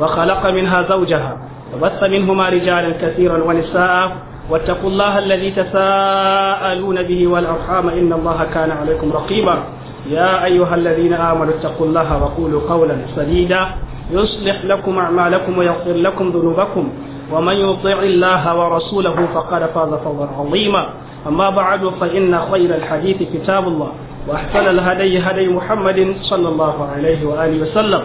وخلق منها زوجها وبث منهما رجالا كثيرا ونساء واتقوا الله الذي تساءلون به والأرحام إن الله كان عليكم رقيبا يا أيها الذين آمنوا اتقوا الله وقولوا قولا سديدا يصلح لكم أعمالكم ويغفر لكم ذنوبكم ومن يطع الله ورسوله فقد فاز فوزا عظيما أما بعد فإن خير الحديث كتاب الله وأحسن الهدي هدي محمد صلى الله عليه وآله وسلم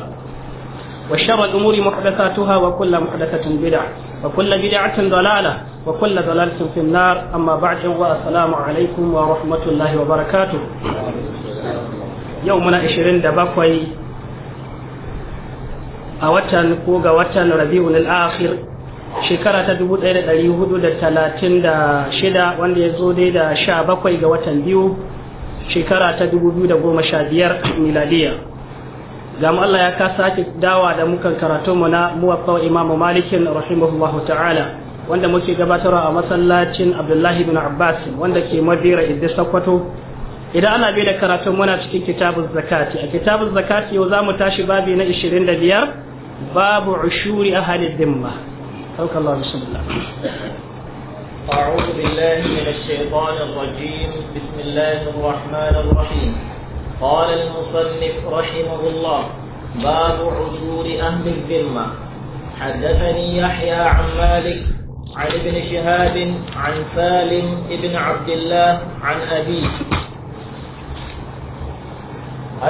وشر الأمور محدثاتها وكل محدثة بدعة وكل بدعة ضلالة وكل ضلالة في النار أما بعد والسلام عليكم ورحمة الله وبركاته يومنا 27 a watan ko ga watan rabi'un al-akhir shekara ta 1436 wanda ya zo dai da 17 ga watan biyu shekara ta 2015 miladiya za mu Allah ya ka sake dawa da mukan karatu mu na muwaffa imamu malikin rahimahullahu ta'ala wanda muke gabatarwa a masallacin abdullahi bin abbas wanda ke madira idda sakwato idan ana bai da karatun muna cikin kitabun zakati a kitabun zakati yau za mu tashi babi na 25 babu ushuri ahli dhimma saukallahu bismillah أعوذ بالله من الشيطان الرجيم بسم الله الرحمن الرحيم قال المصنف رحمه الله باب عذور أهل الذمة حدثني يحيى عن مالك عن ابن شهاب عن سالم بن عبد الله عن أبيه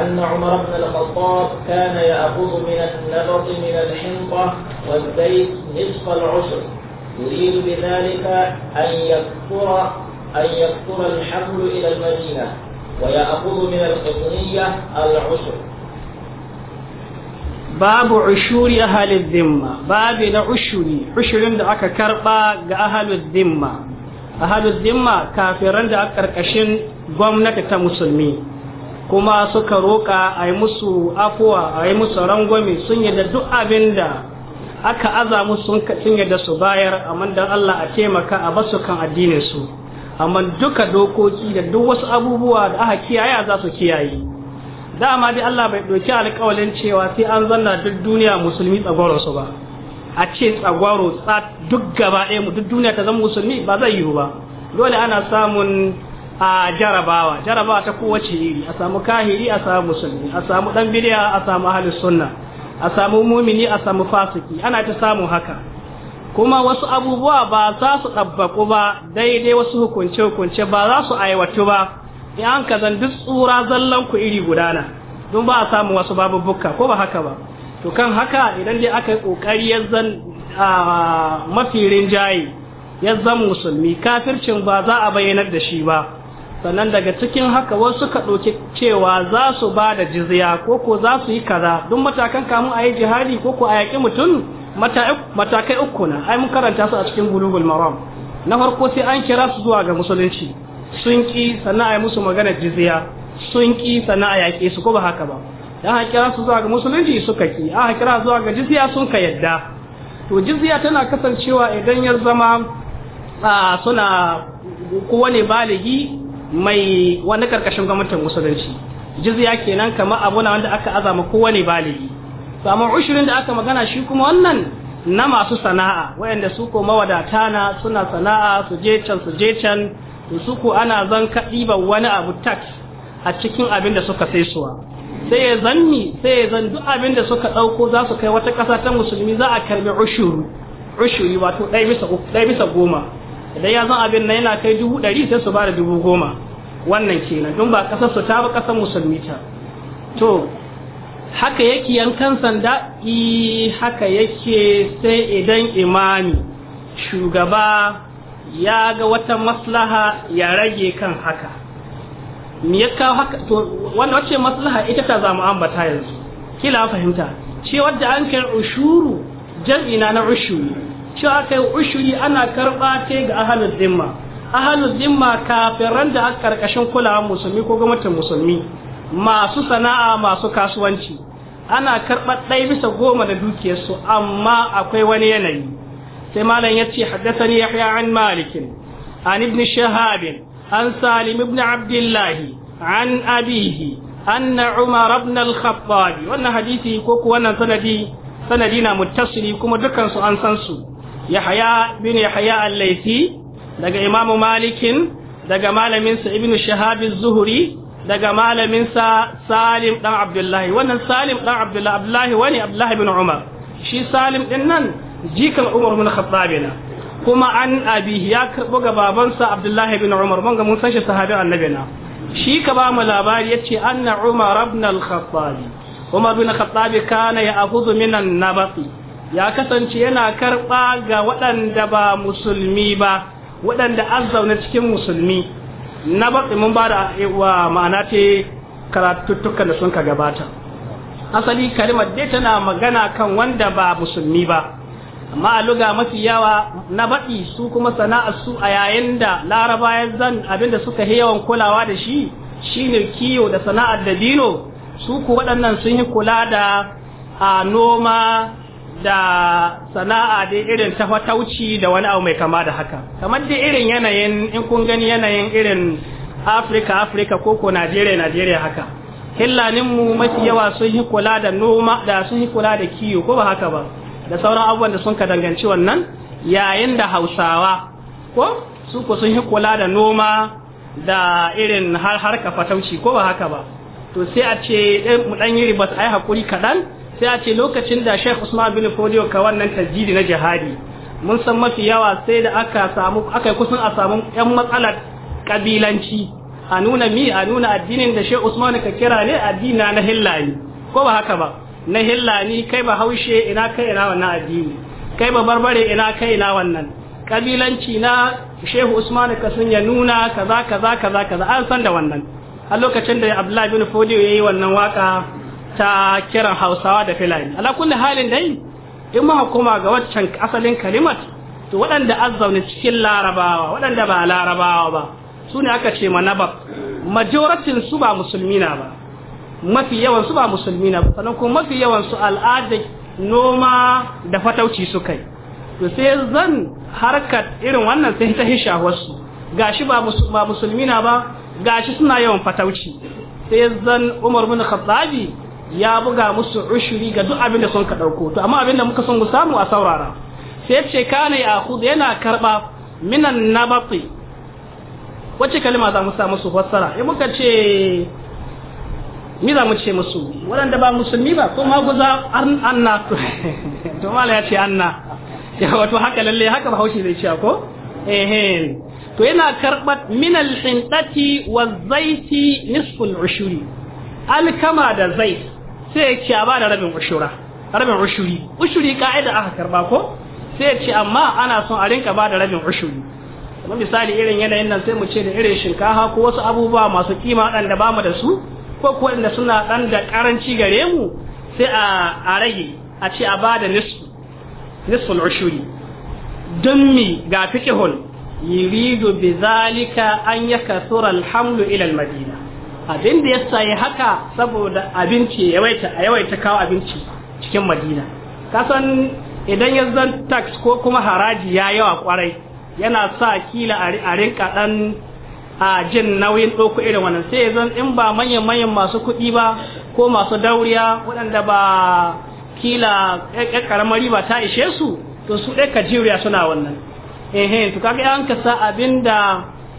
أن عمر بن الخطاب كان يأخذ من النبط من الحنطة والزيت نصف العشر يريد بذلك أن يكثر أن يكثر الحمل إلى المدينة ويأخذ من القطرية العشر باب عشور أهل الذمة باب عشري عشر da aka karɓa ga ahalul zimma ahalul zimma kafiran da aka karkashin gwamnati ta musulmi kuma suka roƙa ai musu afuwa ai musu rangwami sun yadda duk abin da aka aza musu sun yadda su bayar amma dan Allah a taimaka a basu kan addininsu. amma duka dokoki da duk wasu abubuwa da aka kiyaye za su kiyaye dama dai Allah bai doki alƙawalin cewa sai an zanna duk duniya musulmi tsagwaro su ba a ce tsagwaro tsat duk gaba ɗaya mu duk duniya ta zama musulmi ba zai yiwu ba dole ana samun a jarabawa jarabawa ta kowace iri a samu kahiri a samu musulmi a samu dan bidiya a samu ahlus sunna a samu mumini a samu fasiki ana ta samun haka kuma wasu abubuwa ba za su ɗabbaku ba daidai wasu hukunce-hukunce ba za su aiwatu ba in ka zan duk tsura zallan ku iri gudana don ba a samu wasu babubuka ko ba haka ba to kan haka idan dai aka yi ƙoƙari ya zan mafi rinjaye ya zan musulmi kafircin ba za a bayyanar da shi ba sannan daga cikin haka wasu ka ɗauki cewa za su ba da jizya ko ko za su yi kaza don matakan kamun a yi jihadi ko ko a yaƙi mutum matakai uku na ai mun karanta su a cikin bulugul maram na farko sai an kira su zuwa ga musulunci sun ki sannan ai musu magana jizya sun ki sana'a yaƙe su ko ba haka ba dan an kira su zuwa ga musulunci suka ki aka kira zuwa ga jizya sun ka yadda to jizya tana kasancewa idan ya zama suna ne baligi mai wani karkashin gwamnatin musulunci jizya kenan kamar abuna wanda aka azama kowane baligi to amma ushirin da aka magana shi kuma wannan na masu sana'a wayanda su ko mawadata na suna sana'a su je can su je can to su ko ana zan ba wani abu tax a cikin abin da suka sai suwa sai ya zanni sai ya zan duk abin da suka ɗauko za su kai wata ƙasa ta musulmi za a karbi ushuru ushuri wato ɗaya bisa ɗaya bisa goma idan ya zan abin na yana kai dubu ɗari sai su ba da dubu goma wannan kenan don ba kasar su ta ba kasar musulmi ta to haka yake yankan sanda i haka yake sai idan imami shugaba ya ga wata maslaha ya rage kan haka me ya kawo haka to wannan wacce maslaha ita ta zamu ambata yanzu kila fahimta ce wadda an kai ushuru jam'ina na ushuri cewa yi ushuri ana karba ta ga ahlul zimma ahlul zimma kafiran da aka karkashin kulawa musulmi ko gwamnatin musulmi masu sana'a masu kasuwanci ana karɓar ɗaya bisa goma da dukiyarsu amma akwai wani yanayi sai malam ya ce haddasani yahya an malikin an ibn shahabin an salim ibn abdullahi an abihi an umar ibn al wannan hadisi ko ku wannan sanadi sanadi na muttasili kuma dukan su an san su yahya bin yahya al-laisi daga imamu malikin daga malamin sa ibn shahab az-zuhri daga malaminsa salim dan abdullahi wannan salim dan abdullahi abdullahi wani abdullahi bin umar shi salim din nan jikan umar bin khattab na kuma an abi ya karbo ga babansa abdullahi bin umar mun ga mun san shi sahabi annabi na shi ka ba mu labari yace anna umar ibn al-khattab umar bin khattab kana ya'khudhu min an-nabati ya kasance yana karba ga waɗanda ba musulmi ba waɗanda azzauna cikin musulmi na bakwai mun ba da eh, ma'ana ce karatuttukan da sun ka gabata asali kalimar dai tana magana kan wanda ba musulmi ba amma a luga mafi yawa na baɗi su kuma sana'ar su a yayin da laraba ya zan abinda suka yi yawan kulawa da shi shine kiyo da sana'ar da dino su ku waɗannan sun yi kula da a noma da sana'a dai irin ta fatauci da wani abu mai kama da haka kamar dai irin yanayin in kun gani yanayin irin afirka afirka ko ko najeriya najeriya haka mu mafi yawa sun yi kula da noma da sun yi kula da kiyo ko ba haka ba da sauran abubuwan da sun ka danganci wannan yayin da hausawa ko su ko sun yi kula da noma da irin har harka fatauci ko ba haka ba to sai a ce eh, mu dan yi ribas ai hakuri kaɗan sai a ce lokacin da Sheikh Usman bin Fodio ka wannan tajjidi na jihadi mun san mafi yawa sai da aka samu aka kusan a samu yan matsalar kabilanci a nuna mi a nuna addinin da Sheikh Usman ka kira ne addina na hillani ko ba haka ba na hillani kai ba haushe ina kai ina wannan addini kai ba barbare ina kai ina wannan kabilanci na Sheikh Usman ka sun ya nuna kaza kaza kaza kaza an san da wannan a lokacin da Abdullahi bin Fodio yayi wannan waka ta kiran hausawa da filani ala kulli halin dai in ma koma ga waccan asalin kalimat to waɗanda azzauna cikin larabawa waɗanda ba larabawa ba su ne aka ce manabab majoratin su ba musulmi na ba mafi yawan su ba musulmi ba sannan kuma mafi yawan su al'ada noma da fatauci su kai to sai zan harkar irin wannan sai ta hisha wasu gashi ba ba musulmi na ba gashi suna yawan fatauci sai zan Umar bin Khattabi ya buga musu ushuri ga duk abin da sun ka dauko to amma abin da muka son samu a saurara sai ya ce kana ya hudu yana karba minan nabati wacce kalma za mu sa musu fassara in muka ce mi za mu ce musu waɗanda ba musulmi ba ko maguza anna to mala ya ce anna ya wato haka lalle haka bahaushe zai ce ko eh to yana karbat minal hindati wa zaiti nisful ushuri alkama da zaiti sai ya ce a ba da rabin ushura rabin ushuri ushuri ka'ida aka karba ko sai ya ce amma ana son a rinka ba da rabin ushuri kuma misali irin yanayin nan sai mu ce da irin shinkafa ko wasu abubuwa masu kima dan da bamu da su ko ko inda suna ɗan da karanci gare mu sai a rage a ce a ba da nisfu nisful ushuri don mi ga fiqhun yuridu bi zalika an yakasura alhamlu ila almadina abin da yasa haka saboda abinci yawaita a yawaita kawo abinci cikin madina kasan idan ya zan tax ko kuma haraji ya yawa kwarai yana sa kila a rinka dan a jin nauyin ɗauko irin wannan sai zan in ba manyan manyan masu kuɗi ba ko masu dauriya waɗanda ba kila karamar riba ta ishe su to su ɗaya ka suna wannan ehe to kaga an ka sa abin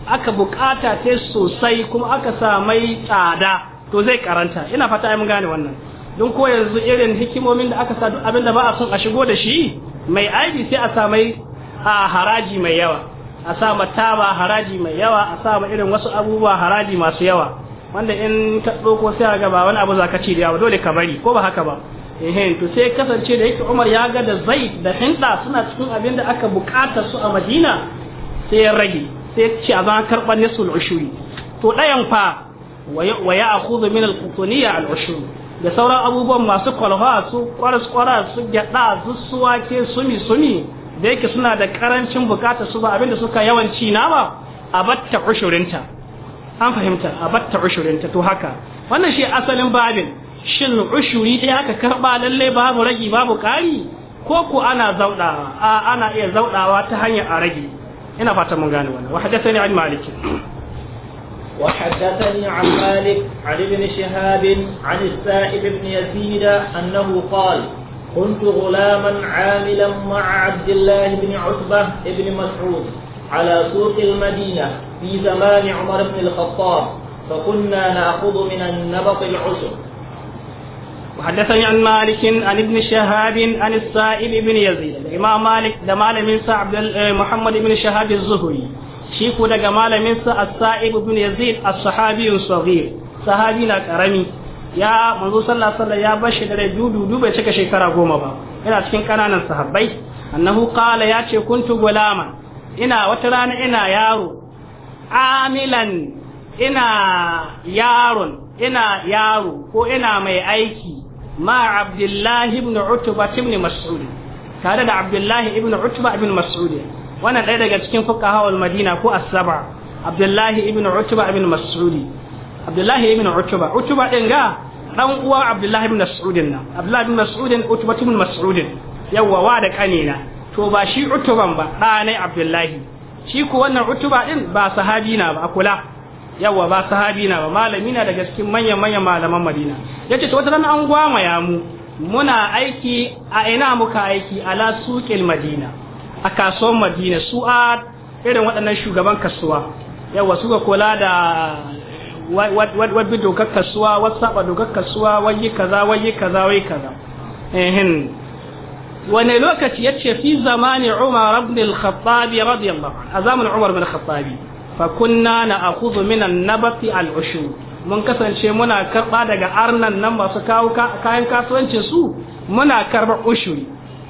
aka bukata ce sosai kuma aka samai tsada to zai karanta ina fata ai mun gane wannan don ko yanzu irin hikimomin da aka sa duk abin da ba a son a shigo da shi mai aibi sai a samai a haraji mai yawa a sa taba haraji mai yawa a sa irin wasu abubuwa haraji masu yawa wanda in ka ko sai ga ba wani abu zaka ci da yawa dole ka bari ko ba haka ba ehem to sai kasance da yake Umar ya ga da Zaid da Hinda suna cikin abin da aka bukata su a Madina sai ya rage sai ce a zan karɓar nisul ushuri to ɗayan fa wa ya akhudhu min al-qutuniya al ushuri da sauran abubuwan masu kwalha su kwaras kwaras su gyada su suwake sumi sumi da yake suna da karancin bukata su ba abinda suka yawanci na ba a batta ushurinta an fahimta a batta ushurinta to haka wannan shi asalin babin shin ushuri dai haka karba lalle babu ragi babu ƙari. ko ku ana zauɗawa. a ana iya zauɗawa ta hanyar a rage إن fata mun gane wannan wa hadathani وحدثني عن مالك عن ابن شهاب عن السائب بن يزيد أنه قال كنت غلاما عاملا مع عبد الله بن عتبة بن مسعود على سوق المدينة في زمان عمر بن الخطاب فكنا نأخذ من النبط العشر وحدثني عن مالك عن ابن شهاب عن السائب بن يزيد الإمام مالك ده مالك من عبد محمد بن شهاب الزهري شيكو ده مالك من السائب بن يزيد الصحابي الصغير صحابي كرمي ya manzo sallallahu alaihi wasallam ya bashi da dudu dudu bai cika shekara goma ba yana cikin kananan sahabbai annahu qala ya ce kuntu gulama ina wata rana ina yaro amilan ina yaron ina yaro ko ina mai aiki ma abdullahi ibn utba ibn mas'ud tare da abdullahi ibn utba ibn mas'ud wannan daga cikin fuqaha madina ko Asabar. abdullahi ibn utba ibn mas'ud abdullahi ibn utba utba din ga dan uwa abdullahi ibn mas'ud nan abdullahi ibn mas'ud utba ibn mas'ud yawa wa da kanina to ba shi utuban ba ɗanai abdullahi shi ku wannan utuba ɗin? ba sahabi na ba kula yawa ba sahabi na ba malami na daga cikin manyan manyan malaman madina yace to wata an gwamaya mu muna aiki a ina muka aiki a la suqil madina a kasuwar madina su a irin waɗannan shugaban kasuwa yawa suka kula da wadda dokar kasuwa wasu saba dokar kasuwa wani kaza wani kaza wai kaza ehin wani lokaci yace fi zamani umar ibn al-khattab radiyallahu a zamanin umar ibn al-khattab fa kunna na kuzu minan na al ushu mun kasance muna karɓa daga arnan nan masu kawo kayan kasuwancin su muna karba ushuri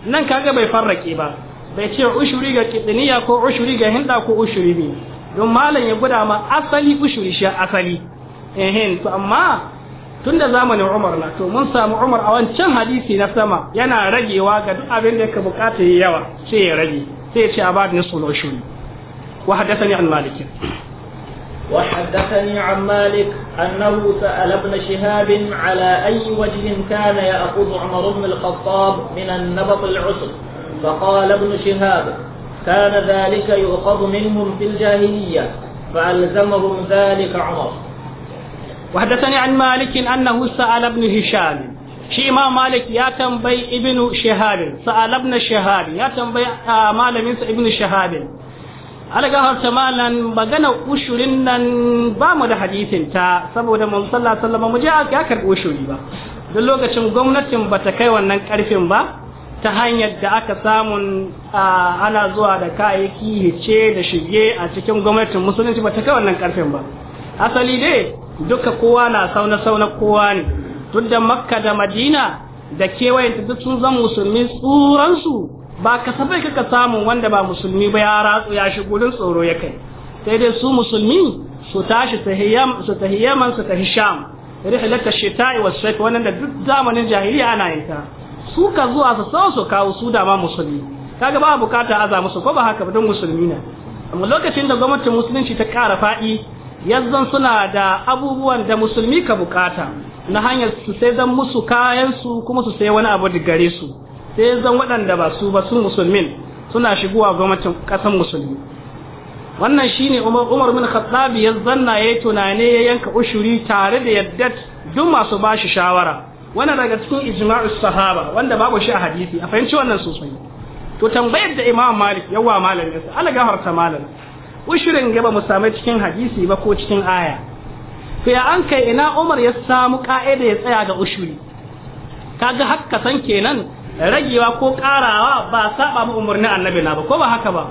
nan kaga bai farrake ba bai ce ushuri ga kidniya ko ushuri ga hinda ko ushuri ne don malam ya guda ma asali ushuri shi asali ehin to amma tun da zamanin Umar na to mun samu Umar a wancan hadisi na sama yana ragewa ga duk abin da yake bukata ya yawa sai ya rage sai ya ce abad nisful ushuri وحدثني عن مالك وحدثني عن مالك أنه سأل ابن شهاب على أي وجه كان يأخذ عمر بن الخطاب من النبط العسر فقال ابن شهاب كان ذلك يؤخذ منهم في الجاهلية فألزمهم ذلك عمر وحدثني عن مالك أنه سأل ابن هشام shi مالك يا تنبي ابن شهاب سأل ابن شهاب يا تنبي tambayi آه، ابن شهاب algahar malan magana ushurin nan ba mu da hadisin ta saboda mun sallah sallama mu je ya karbi ushuri ba duk lokacin gwamnatin ba ta kai wannan karfin ba ta hanyar da aka samu ana zuwa da kayayyaki hice da shige a cikin gwamnatin musulunci ba ta kai wannan karfin ba asali dai duka kowa na sauna sauna kowa ne duk da makka da madina da kewayenta duk sun zan musulmi tsuransu ba kasafai kaka samu wanda ba musulmi ba ya ratsu ya shigo don tsoro ya kai sai dai su musulmi su tashi su tahi yaman su tahi sham rihlata shita'i was wannan da duk zamanin jahiliya ana yin ta su ka zuwa su sau su kawo su dama musulmi kaga ba bukata aza musu ko ba haka ba don musulmi ne amma lokacin da gwamnatin musulunci ta kara fa'i yanzan suna da abubuwan da musulmi ka bukata na hanyar su sai dan musu kayan su kuma su sai wani abu da gare su sai zan waɗanda ba su ba su musulmin suna shigowa gwamnatin ƙasar musulmi wannan shine umar umar min khattab ya zanna yayi tunane ya yanka ushuri tare da yadda duk masu ba shi shawara wannan daga cikin ijma'us sahaba wanda babu shi a hadisi a fahimci wannan sosai to tambayar da imam malik yawa malamin sa ala harta malam ushurin ba mu same cikin hadisi ba ko cikin aya to ya an kai ina umar ya samu ka'ida ya tsaya ga ushuri kaga hakka san kenan ragewa ko karawa ba saba mu umarnin annabi na ba ko ba haka ba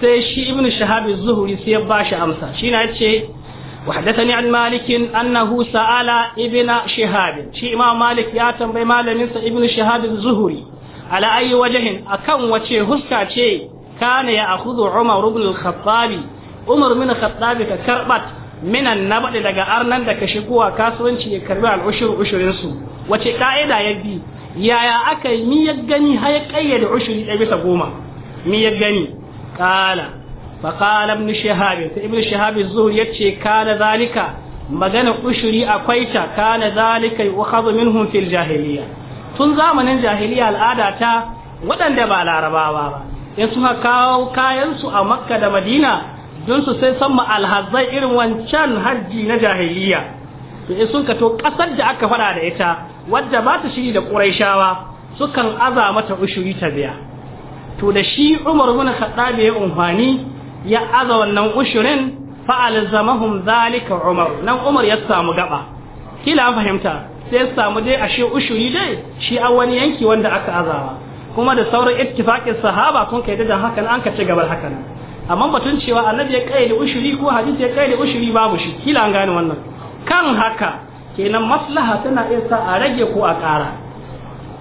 sai shi ibnu shahab zuhuri sai ya bashi amsa shi na ce وحدثني عن مالك أنه سأل ابن شهاب tambayi إمام مالك يا تنبي مالك ابن شهاب الزهري على أي وجه أكم وشي هسكا شي كان يأخذ عمر بن الخطاب عمر من الخطاب ككربت minan na baɗi daga arnan da ka shigowa kasuwanci ya karbi al'ushur ushurinsu wace ƙa'ida ya bi yaya aka yi ni ya gani har ya kayyade ushuri ɗaya bisa goma ni ya gani kala fa ta ibn shihab sai ibn shihab zuhri yace kana zalika magana ushuri akwai ta kana zalika yukhadhu minhum fil jahiliya tun zamanin jahiliya al'ada ta waɗanda ba larabawa ba in suka kawo kayan su a makka da madina don su sai san ma alhazai irin wancan hajji na jahiliya to in sun kato kasar da aka fada da ita wadda ba ta shiri da quraishawa sukan aza mata ushuri ta biya to da shi Umar ibn Khattab ya umfani ya aza wannan ushurin fa alzamahum zalika Umar nan Umar ya samu gaba kila fahimta sai ya samu dai ashe ushuri dai shi a wani yanki wanda aka azawa kuma da sauran ittifaqin sahaba kun kai da hakan an ka ci gabar hakan amma batun cewa annabi ya kaida ushuri ko hadisi ya kaida ushuri babu shi kila an gane wannan kan haka kenan maslaha tana iya sa a rage ko a ƙara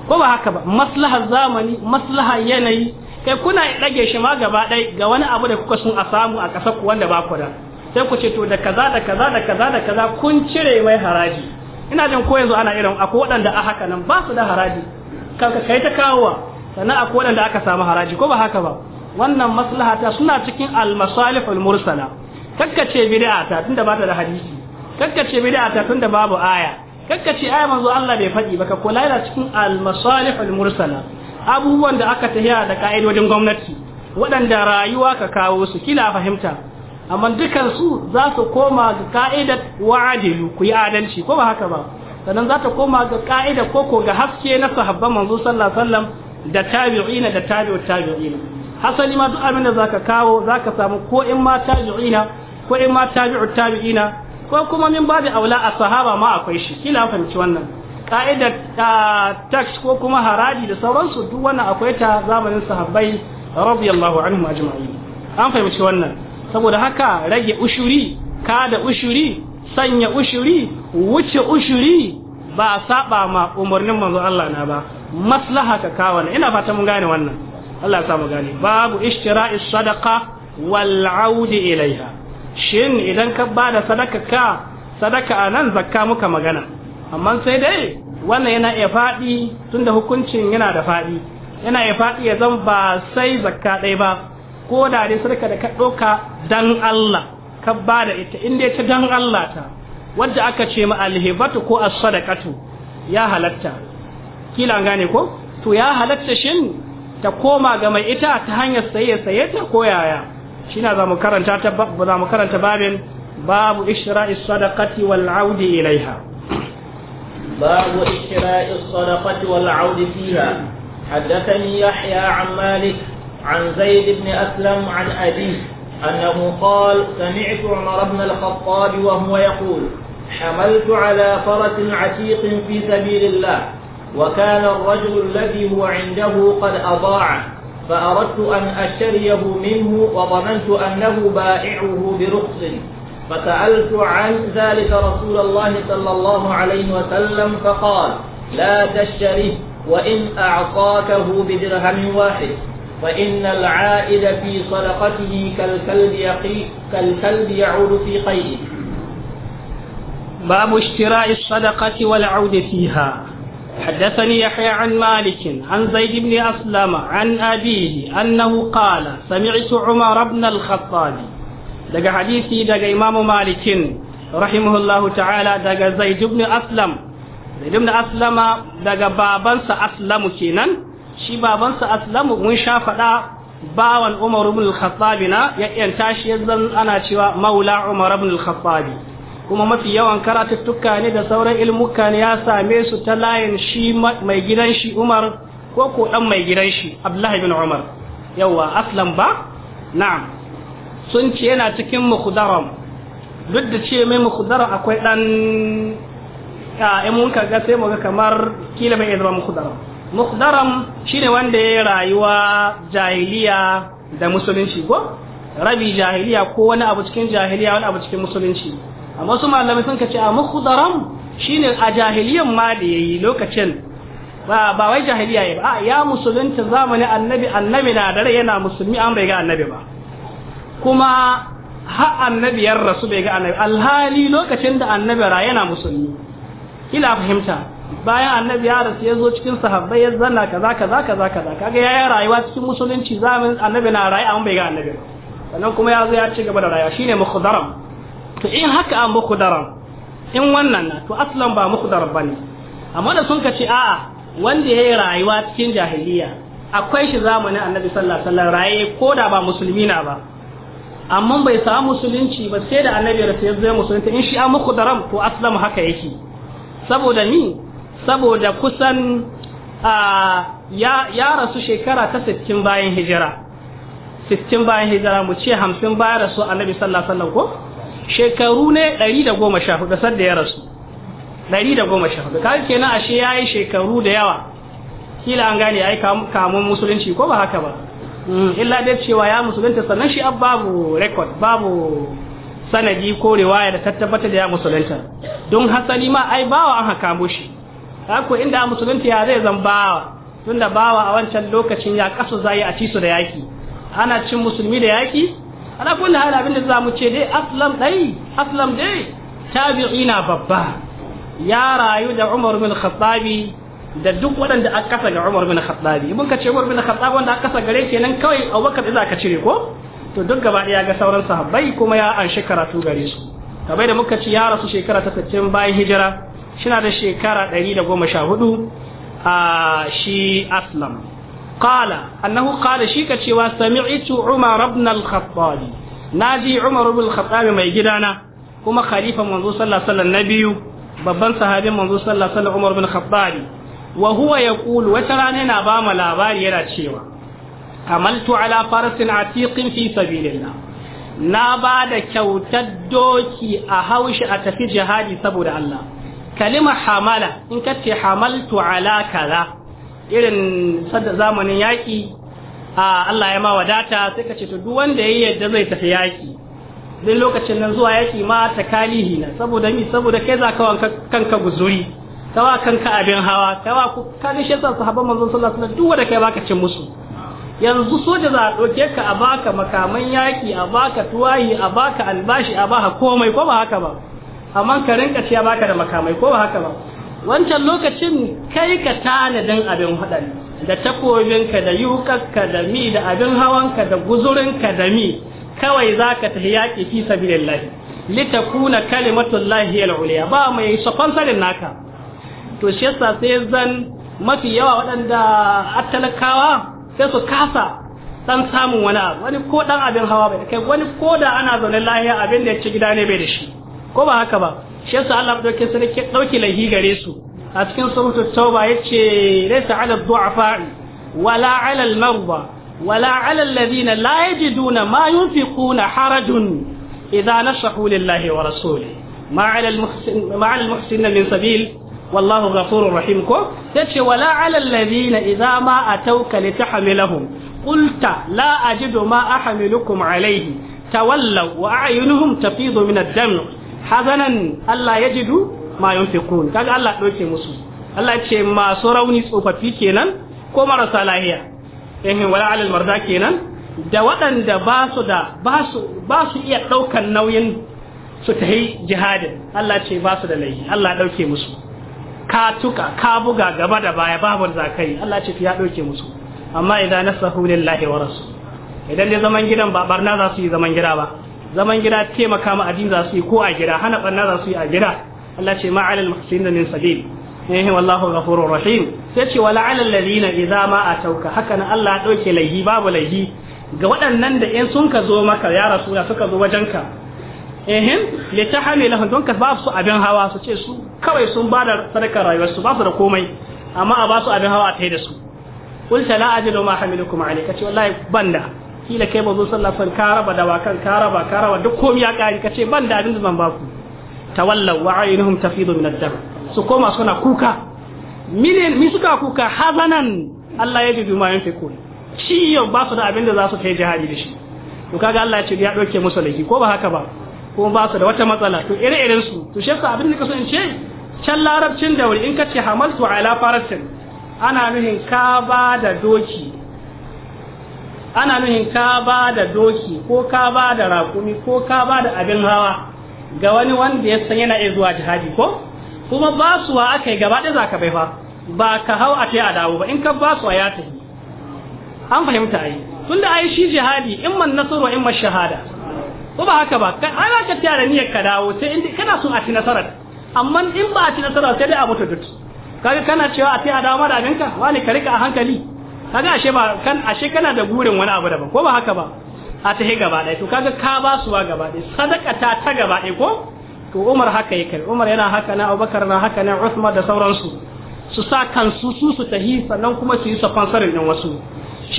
ko ba haka ba maslaha zamani maslaha yanayi kai kuna rage shi ma gaba ɗai ga wani abu da kuka sun a samu a ƙasar ku wanda ba ku da sai ku ce to da kaza da kaza da kaza da kaza kun cire mai haraji ina jin ko yanzu ana irin akwai waɗanda a haka nan ba su da haraji kanka kai ta kawowa sannan akwai waɗanda aka samu haraji ko ba haka ba wannan maslahata suna cikin almasalihul mursala kakkace bid'a ta tunda ba ta da hadisi kakkace bid'a ta tunda babu aya kakkace aya manzo Allah bai faɗi ba ka kula cikin al-masalih mursala abubuwan da aka tahiya da ka'idodin gwamnati waɗanda rayuwa ka kawo su kila fahimta amma dukan su za su koma ga ka'idat wa'adilu ku yi adalci ko ba haka ba sannan za ta koma ga ka'ida koko ga haske na sahabban manzo sallallahu alaihi wasallam da tabi'ina da tabi'ut tabi'ina hasali ma duk abin da zaka kawo zaka samu ko in ma tabi'ina ko in ma tabi'ina ko kuma min babu aula a sahaba ma akwai shi kila fahimci wannan ka'idar ah, tax ko kuma haraji da sauransu duk wannan akwai ta zamanin sahabbai radiyallahu anhu ajma'in an fahimci wannan saboda haka rage ushuri kada ushuri sanya ushuri wuce ushuri ba saba ma umarnin manzo Allah na ba maslaha ka ina fata mun gane wannan Allah ya mu gane babu ishtira'i sadaqa wal audi ilaiha shin idan ka bada da sadaka ka sadaka a nan zakka muka magana amma sai dai wannan yana iya faɗi tunda hukuncin yana da faɗi yana iya faɗi ya zan ba sai zakka ɗaya ba ko da dai sadaka da ka ɗauka dan Allah ka ba ita inda dai ta dan Allah ta wadda aka ce ma alhibatu ko as-sadaqatu ya halatta kila gane ko to ya halatta shin ta koma ga mai ita ta hanyar saye saye ta ko yaya شنا ذا مكرن تاتبق ta مكرن za باب إشراء الصدقة والعود إليها باب إشراء الصدقة والعود فيها حدثني يحيى عن مالك عن زيد بن أسلم عن أبيه أنه قال سمعت عمر بن الخطاب وهو يقول حملت على فرس عتيق في سبيل الله وكان الرجل الذي هو عنده قد أضاعه فأردت أن أشتريه منه وظننت أنه بائعه برخص فسألت عن ذلك رسول الله صلى الله عليه وسلم فقال لا تشتريه وإن أعطاكه بدرهم واحد فإن العائد في صدقته كالكلب, يقي كالكلب يعود في قيده باب اشتراء الصدقة والعود فيها حدثني يحيى عن مالك عن زيد بن أسلم عن أبيه أنه قال سمعت عمر بن الخطاب دقى حديثي دقى إمام مالك رحمه الله تعالى دقى زيد بن أسلم زيد بن أسلم دقى بابنس أسلم كينا شي بابنس أسلم من شافدا باwan Umar ibn al-Khattab na ya yanta shi yanzu ana cewa Maula Umar ibn al-Khattab kuma mafi yawan karatuttuka ne da sauran ilmuka ne ya same su ta layin shi mai gidan shi Umar ko ko dan mai gidan shi Abdullahi bin Umar yawa aslan ba na'am sun ce yana cikin mukhdaram duk da ce mai mukhdaram akwai dan in mun kaga sai mu ga kamar kila mai zama mukhdaram mukhdaram shine wanda ya rayuwa jahiliya da musulunci ko rabi jahiliya ko wani abu cikin jahiliya wani abu cikin musulunci a wasu malamai sun kace a shi shine a jahiliyan ma da yayi lokacin ba ba wai jahiliya ya ba ya musulunci zamanin annabi annabi na dare yana musulmi an bai ga annabi ba kuma ha annabi ya rasu bai ga annabi alhali lokacin da annabi ra yana musulmi ila fahimta bayan annabi ya rasu ya zo cikin sahabbai ya zanna kaza kaza kaza kaza kaga ya yi rayuwa cikin musulunci zamanin annabi na rayu an bai ga annabi ba sannan kuma ya zo ya ci gaba da rayuwa shine mukhdaram to in haka an muku daran in wannan na to aslan ba muku daran bane amma da sun kace a'a wanda yayi rayuwa cikin jahiliya akwai shi zamanin annabi sallallahu alaihi wasallam raye ko da ba musulmi na ba amma bai samu musulunci ba sai da annabi rasul ya zama musulunta in shi an muku daram to aslan haka yake saboda ni saboda kusan ya ya rasu shekara ta 60 bayan hijira 60 bayan hijira mu ce 50 bayan rasu annabi sallallahu alaihi wasallam ko shekaru ne 114 sadda ya rasu 114 kaga kenan ashe yayi shekaru da yawa kila an gane ai kamun musulunci ko ba haka ba mm, illa dai cewa ya musulunta sannan shi babu record babu sanadi ko riwaya da ta tabbata da ya musulunta don hasali ma ai bawa an haka mushi ko inda musulunta ya zai zan bawa tunda bawa a wancan lokacin ya kasu zai a ci su da yaki ana cin musulmi da yaki ala kulli hal abin da zamu ce dai aslam dai aslam dai tabi'ina babba ya rayu da Umar bin Khattabi da duk waɗanda aka kasa ga Umar bin Khattabi ibn kace Umar bin Khattabi wanda aka kasa gare kenan kawai Abubakar da ka cire ko to duk gaba ɗaya ga sauran sahabbai kuma ya an karatu gare su kamar da muka ci ya rasu shekara ta 60 bayan hijira shina da shekara 114 a shi aslam qala annahu qala shi ka cewa sami'tu umar ibn al-khattab naji umar ibn al mai gidana kuma khalifa manzo sallallahu alaihi wasallam babban sahabin manzo sallallahu alaihi wasallam umar ibn al-khattab wa huwa yaqulu wata rana yana ba labari yana cewa amaltu ala farasin atiqin fi sabilillah na ba da kyautar doki a haushi a tafi jihadi saboda Allah kalimar hamala in ka ce hamaltu ala kaza irin sadda zamanin yaƙi a Allah ya ma wadata sai ka ce to duk wanda ya yi yadda zai tafi yaƙi duk lokacin nan zuwa yaƙi ma takalihi na saboda mi saboda kai za ka kanka guzuri wa kanka abin hawa wa ku kani shi yasa sahabban manzon sallallahu alaihi wasallam duk wanda kai baka cin musu yanzu soja za a ɗauke ka a baka makaman yaƙi a baka tuwayi a baka albashi a baka komai ko ba haka ba amma ka rinka ce baka da makamai ko ba haka ba wancan lokacin kai ka tanadin abin hudan da takobinka da yukakka da mi da abin hawanka da guzurinka da mi kawai za ka tafi yaƙi fi sabilillahi litakuna kalimatullahi al-uliya ba mai sakonsarin naka to shi yasa sai zan mafi yawa waɗanda attalakawa sai su kasa dan samun wani wani ko dan abin hawa bai kai wani ko da ana zaune lahiya abin da ya ci gida ne bai da shi ko ba haka ba shi yasa Allah madaukin sarki dauki gare su a cikin suratul tauba yace laysa 'ala ad-du'afa wala 'ala al-marda wala 'ala alladhina la yajiduna ma yunfiquna harajun idha nasahu lillahi wa rasulihi ma 'ala al-muhsin ma 'ala al-muhsin min sabil والله غفور رحيم كو تتشي ولا على الذين إذا ما أتوك لتحملهم قلت لا أجد ما أحملكم عليه تولوا وأعينهم تفيض من الدمع hazanan Allah ya jidu ma yunfiqun kaga Allah ɗauke musu Allah ce masu rauni tsofaffi kenan ko marasa lahiya eh wala alal marda kenan da waɗanda ba su da ba su iya ɗaukan nauyin su ta yi jihadin Allah ce ba su da laifi. Allah ɗauke musu ka tuka ka buga gaba da baya babu zakai Allah ce ya ɗauke musu amma idan nasahu lillahi wa rasul idan ne zaman gidan ba barna za su yi zaman gida ba zaman gida taimaka ma addini za su yi ko a gida hana banna za su yi a gida Allah ce ma alal muhsinin min sabil yahi eh, wallahu ghafurur rahim sai ce wala alal ladina idza ma atauka haka nan Allah dauke laihi babu laihi ga waɗannan da in sun ka zo maka ya rasula suka zo wajenka ehin li tahmilahu don ka ba su abin hawa su ce su kawai sun ba da sadakar rayuwarsu ba su da komai amma a ba su abin hawa a tai da su qul la ajidu ma hamilukum alayka ce wallahi banda kila kai manzo sallah alaihi karaba da wakan karaba karaba duk komai ya kare kace ban da abin da zan baku tawallaw wa ayunuhum tafidu min ad-dam su koma suna kuka mine mi suka kuka hazanan Allah ya dubi ma yanfiku shi yau ba su da abin da za su kai jihadi da shi to kaga Allah ya ce ya dauke musu laifi ko ba haka ba ko ba su da wata matsala to ire-iren su to shekka abin da kaso in ce can larabcin da wuri in ka ce hamaltu ala farasin ana nuhin ka ba da doki ana nuhin ka ba da doki ko ka ba da raƙumi ko ka ba da abin hawa ga wani wanda ya san yana zuwa jihadi ko kuma ba wa aka yi gaba ɗaya za ka bai fa ba ka hau a a dawo ba in ka wa ya tafi an fahimta ai tun da ai shi jihadi in man nasaru in man shahada ko ba haka ba kai ana ka tiya da niyyar ka dawo sai in kana son a ci nasarar amma in ba a ci nasarar sai dai a mutu duk kaga kana cewa a a dawo ma da abinka wani ka rika a hankali kaga ashe ba kan ashe kana da gurin wani abu daban ko ba haka ba a ta he gaba ɗaya to kaga ka ba su ba gaba ɗaya sadaka ta ta gaba ɗaya ko to Umar haka yake Umar yana haka na Abubakar na haka na Uthman da sauransu su sa kansu su su tahi sannan kuma su yi sponsorin din wasu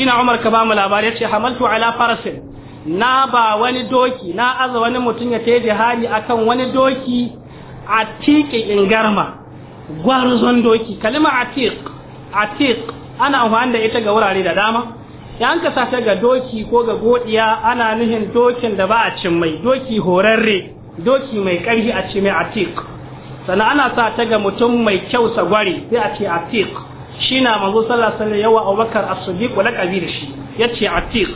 na Umar ka ba mu labari yace hamaltu ala farasin na ba wani doki na aza wani mutum ya ta jihadi akan wani doki a tiƙi in gwarzon doki kalima atiq atiq ana amfani da ita ga wurare da dama yan ka sa ta ga doki ko ga godiya ana nuhin dokin da ba a cin mai doki horarre doki mai karfi a ce mai atik sannan ana sa ta ga mutum mai kyau sagwari sai a ce atik shi na manzo sallallahu alaihi yawa abubakar as-siddiq wala kabi da shi yace atik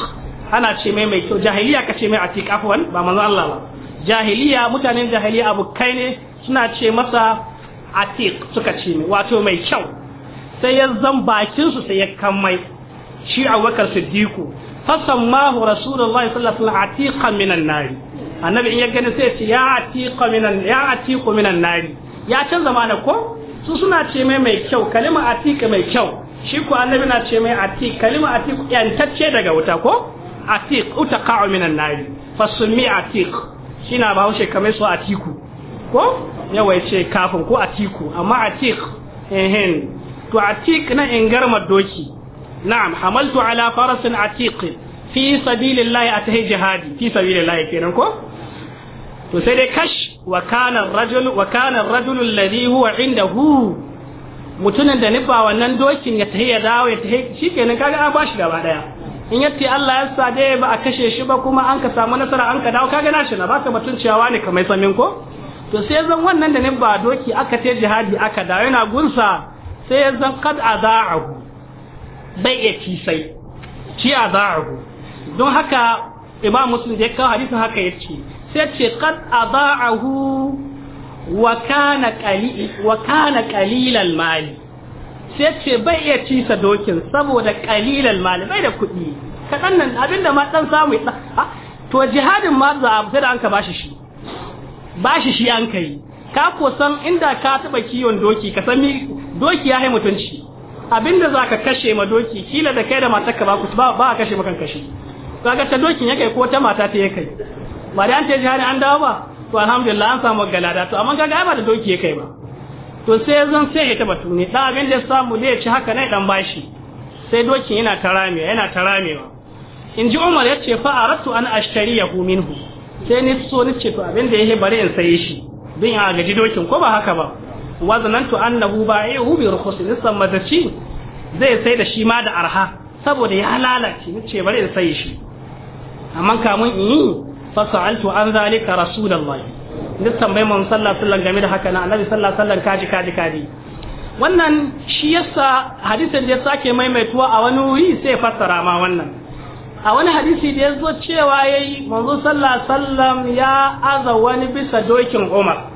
ana ce mai mai kyau jahiliya ka ce mai atik afwan ba manzo Allah ba jahiliya mutanen jahiliya abu kai ne suna ce masa atik suka ce mai wato mai kyau sai ya zan bakin su sai ya kammai shi Abubakar Siddiqu fasammahu Rasulullahi sallallahu alaihi wasallam atiqa minan nari annabi in ya gani sai ce ya atiqa minan ya atiqa minan nari ya canza mana ko su suna ce mai mai kyau kalima atiqa mai kyau shi ko annabi na ce mai atiq kalima atiq yantacce daga wuta ko atiq utaqa'u minan nari fasummi atiq shina ba hushe kamar su atiku ko yawa ce kafin ko atiku amma atiq ehin to atik na garma doki na'am hamaltu ala farasin atik fi sabilillahi atahi jihadi fi sabilillahi kenan ko to sai dai kash wa kana rajul wa kana rajul alladhi huwa indahu mutumin da nufa wannan dokin ya tahi ya dawo ya tahi shikenan kaga an bashi gaba daya in yatti Allah ya sa dai ba a kashe shi ba kuma an ka samu nasara an ka dawo kaga nashi na baka mutun ciyawa ne kamar samin ko to sai zan wannan da nufa doki aka tayi jihadi aka dawo yana gunsa sai ya zan kad ada'ahu bai iya ci sai ci ada'ahu don haka imam muslim da ya kawo hadisin haka ya ce sai ce kad a wa kana qali wa kana qalilan mali sai ce bai iya cisa dokin saboda qalilan mali bai da kuɗi kaɗan nan abinda ma ɗan samu ya ah, to jihadin ma za a sai da an ka bashi shi bashi shi an kai ka ko san inda ka taɓa kiwon doki ka san mi doki ya hai mutunci abinda ka kashe ma doki kila da kai da matarka ba ku ba a kashe makan kashe kaga ta dokin kai ko ta mata ta kai. ba da an ta jihani an dawo ba to alhamdulillah an samu galada to amma kaga ba da doki ya kai ba to sai zan sai ya taba tuni da abin da ya samu da ya ci haka ne dan bashi sai dokin yana taramewa yana taramewa in ji Umar ce fa aratu an ashtariyahu minhu sai ni so ni ce to abin da ya bari in saye shi bin a gaji dokin ko ba haka ba Wazanantu zanantu annahu ba'ihu bi rukhsin sama da ci zai sai da shi ma da arha saboda ya lalace nace bare da sai shi amma kamun in yi fa sa'altu an zalika rasulullahi duk tambayi mun sallallahu alaihi wasallam game da haka na annabi sallallahu alaihi wasallam kaji kaji kaji wannan shi yasa hadisin da ya sake maimaituwa a wani wuri sai fassara ma wannan a wani hadisi da ya zo cewa ya yi manzo sallah sallam ya aza wani bisa dokin umar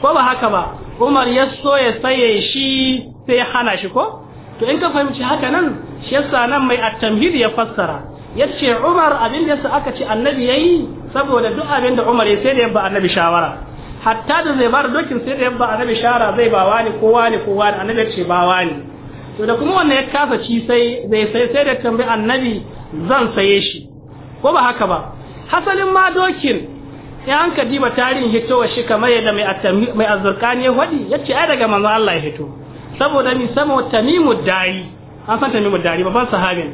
ko ba haka ba Umar ya so ya tsaye shi sai ya hana shi ko to in ka fahimci haka nan shi yasa nan mai at-tamhid ya fassara yace Umar abin da aka ce annabi yayi saboda duk abin da Umar ya sai da yabba annabi shawara hatta da zai bar dokin sai da yabba annabi shawara zai ba wani ko wani ko wani annabi ce ba wani to da kuma wannan ya kasa ci sai zai sai sai da tambayi annabi zan saye shi ko ba haka ba hasalin ma dokin ya an ka diba tarihin hitowar shi kamar yadda mai mai azurkani ya faɗi yace ai daga manzo Allah ya hito saboda ni sama tamimu dai an san tamimu ba babban sahabin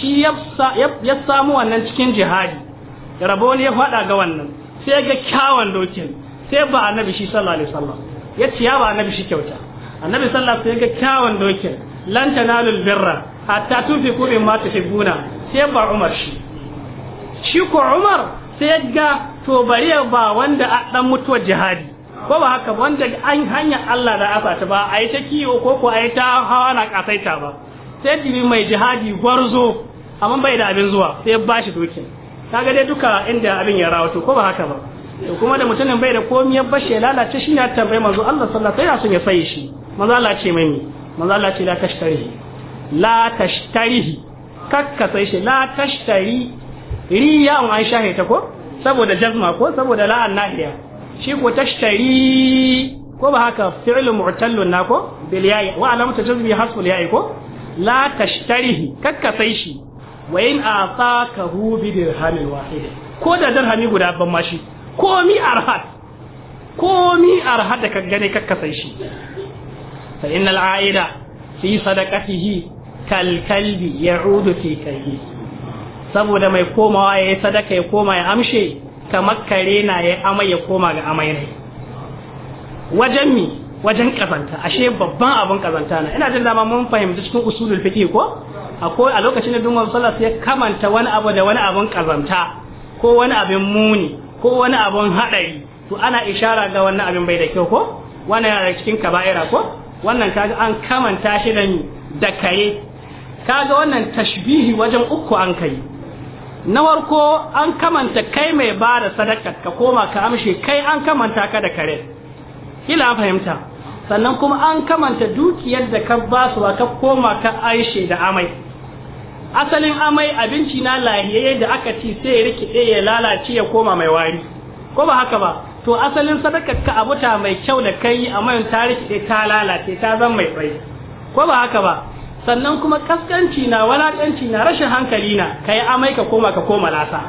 shi ya samu wannan cikin jihadi rabo ne ya faɗa ga wannan sai ga kyawun dokin sai ba annabi shi sallallahu alaihi wasallam yace ya ba annabi shi kyauta annabi sallallahu alaihi wasallam sai ga kyawun dokin lan tanalul birra hatta tunfiqu mimma tuhibbuna sai ba Umar shi shi ko Umar sai ga to bari ba wanda a dan mutuwar jihadi ko ba haka wanda an hanya Allah da aka ta ba a yi ta kiyo ko ko a yi ta hawa na kasaita ba sai dibi mai jihadi gwarzo amma bai da abin zuwa sai ba shi dokin kaga dai duka inda abin ya rawato ko ba haka ba kuma da mutumin bai da komai ya bashi ya lalace shi na tambaye manzo Allah sallallahu alaihi wasallam ya sai shi manzo Allah ce mai manzo Allah ce la tashtarihi la tashtarihi kakka sai shi la tashtari riya an shahe ta ko saboda jazma ko saboda la'an nahiya shi ko tashtari ko ba haka fi'lu mu'tallun na ko bil ya'i wa alamatu jazmi hasful ya'i ko la tashtarihi kakka sai shi wa in atakahu bi dirhamin wahid ko da dirhami guda ban mashi komi ko komi arhat da kaggane kakka sai shi fa innal a'ida fi sadaqatihi kal kalbi ya'udu fi kayhi saboda mai komawa ya yi sadaka ya koma ya amshe kamar kare na ya amai ya koma ga amai ne wajen mi wajen kazanta ashe babban abin kazanta na ina jin dama mun fahimci cikin usulul fiqh ko akwai a lokacin da Umar sallah ya kamanta wani abu da wani abin kazanta ko wani abin muni ko wani abin hadari to ana ishara ga wannan abin bai da kyau ko wannan yana cikin kaba'ira ko wannan kaga an kamanta shi da da kare kaga wannan tashbihi wajen uku an kai na warko an kamanta kai mai ba da sadaka ka koma ka amshe kai an kamanta ka da kare ila fahimta sannan kuma an kamanta dukiyar da ka ba su ka koma ka aishe da amai asalin amai abinci na lahiyayye da aka ci sai ya rikide ya lalace ya koma mai wari ko ba haka ba to asalin sadakar ka abuta mai kyau da kai amai ta rikide ta lalace ta zan mai tsayi ko ba haka ba sannan kuma kaskanci na walakanci na rashin hankali na Ka yi amai ka koma ka koma lasa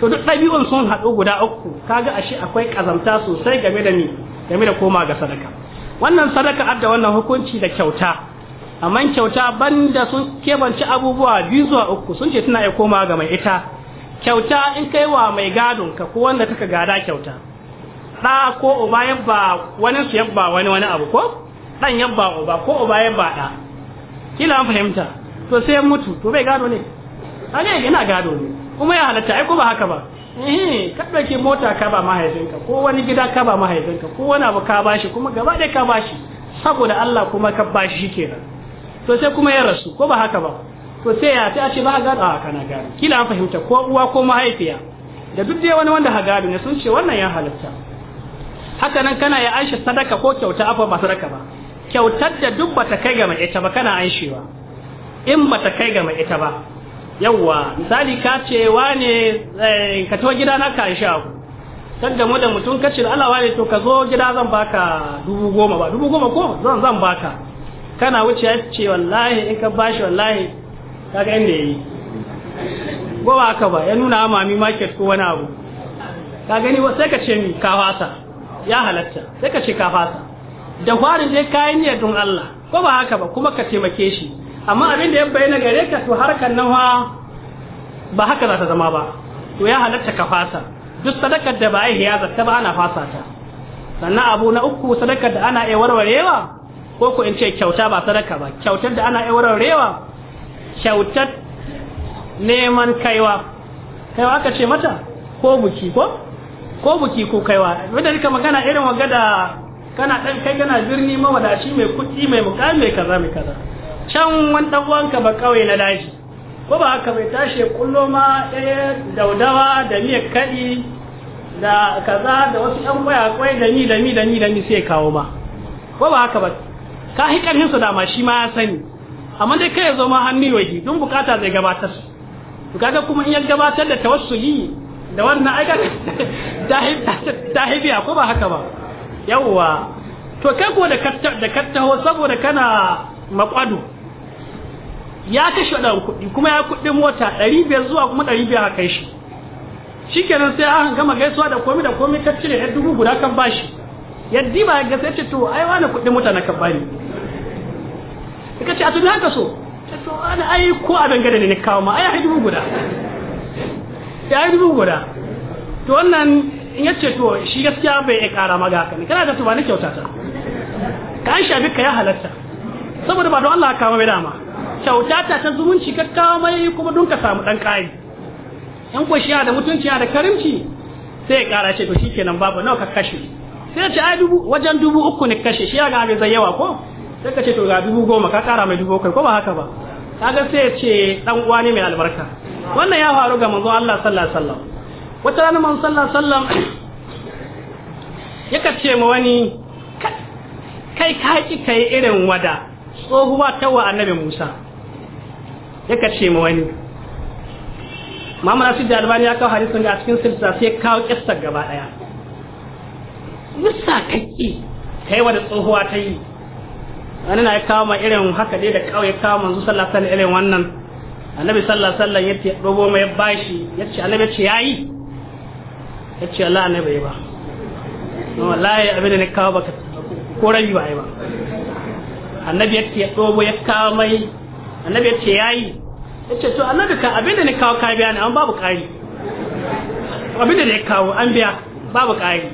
to duk ɗabi'un sun haɗu guda uku kaga ashe akwai ƙazamta sosai game da ni game da koma ga sadaka wannan sadaka adda wannan hukunci da kyauta amma kyauta banda sun kebanci abubuwa biyu zuwa uku sun ce tana iya koma ga mai ita kyauta in kai wa mai gadon ka ko wanda kaka gada kyauta Ɗa ko uba yabba wani su yabba wani wani abu ko ɗan yabba uba ko uba yabba ɗa. kila an fahimta to sai mutu to bai gado ne ne yana gado ne kuma ya halatta ai ko ba haka ba eh ka dauke mota ka ba mahaifinka ko wani gida ka ba mahaifinka ko wani abu ka bashi kuma gaba da ka bashi saboda Allah kuma ka bashi shikenan to sai kuma ya rasu ko ba haka ba to sai ya ta ce ba gado a kana gado kila an fahimta ko uwa ko mahaifiya da duk dai wani wanda ha gado ne sun ce wannan ya halatta haka nan kana ya aisha sadaka ko kyauta afa ba sadaka ba kyautar da duk bata kai ga mai ita ba kana anshewa in bata kai ga mai ita ba yawwa misali ka ce wane eh, ka to gida na ka sha ku kan gamu da mutum kace Allah wane to ka zo gida zan baka dubu goma ba dubu goma ko zan zan baka kana wuce ya ce wallahi in ka bashi wallahi kaga inda yayi goma aka ba ya nuna mami market ko wani abu ka gani sai ka ce mi ka fasa ya halatta sai ka ce ka fasa da farin dai kayan niyyar don Allah ko ba haka ba kuma ka taimake shi amma abin da ya bayyana gare ka to harkar nawa ba haka za ta zama ba to ya halatta ka fasa duk sadakar da ba a yi hiyaza ta ba ana fasa ta sannan abu na uku sadakar da ana iya warwarewa ko ko in ce kyauta ba sadaka ba kyautar da ana iya warwarewa kyautar neman kaiwa kaiwa aka ce mata ko buki ko ko buki ko kaiwa wanda duka magana irin wagada kana dan kai kana birni mawadashi mai kuɗi mai mukami mai kaza mai kaza can wani dan wanka ba kawai na daji ko ba haka bai tashi kullo ma ɗaya eh, daudawa da miya kaɗi da kaza da wasu kwaya kwai da ni da ni da ni da ni sai kawo ba ko ba haka ba ka hi ƙarfin su ma shi ma ya sani amma dai kai ya zo ma hannu waji don bukata zai gabatar to kaga kuma in ya gabatar da tawassuli da wannan aikata ta hibiya ko ba haka ba yawwa to kai ko da katta da kattaho saboda kana makwado ya kashe dan kuɗi kuma ya kuɗi mota 500 zuwa kuma 500 a kai shi shikenan sai an gama gaisuwa da komai da komai ka cire ɗan dubu guda kan bashi yaddi ba ga sai ce to ai wani kuɗin mota na kan bani ka ce a tuni haka so to ana ai ko a dangane ne kawo ma ai dubu guda ya dubu guda to wannan in yace to shi gaskiya bai ya kara maga ka ne kana da tuba ne kyauta ta ka shabi ka ya halatta saboda ba don Allah ka mai dama kyauta ta ta zumunci ka kawo mai kuma don ka samu dan kai in ko shi da mutunci ya da karimci sai ya kara ce to shikenan babu nawa ka kashe sai ce ai dubu wajen dubu uku ne kashe shi ya ga zai yawa ko sai ka ce to ga dubu goma ka kara mai dubu kai ko ba haka ba kaga sai ya ce dan uwa ne mai albarka wannan ya faru ga manzo Allah sallallahu alaihi wasallam wata rana man sallallahu sallam ya ce ma wani kai ka ki kai irin wada tsohuwa ta wa annabi Musa ya ce ma wani Mama Asif da ya kawo hadisin da a cikin silsila sai kawo kissar gaba daya Musa kake kai wada tsohuwa ta yi wani na ya kawo ma irin haka dai da kawai ya kawo manzo sallallahu alaihi irin wannan annabi sallallahu alaihi wasallam yace dogo mai bashi yace annabi ce yayi ya ce Allah ne bai ba ya abin da na kawo baka ko rabi ba ba annabi ya ce ya dobo ya kawo mai annabi ya ce yayi ya ce to annabi ka abin da na kawo ka biya ne an babu kari abin da ya kawo an biya babu kari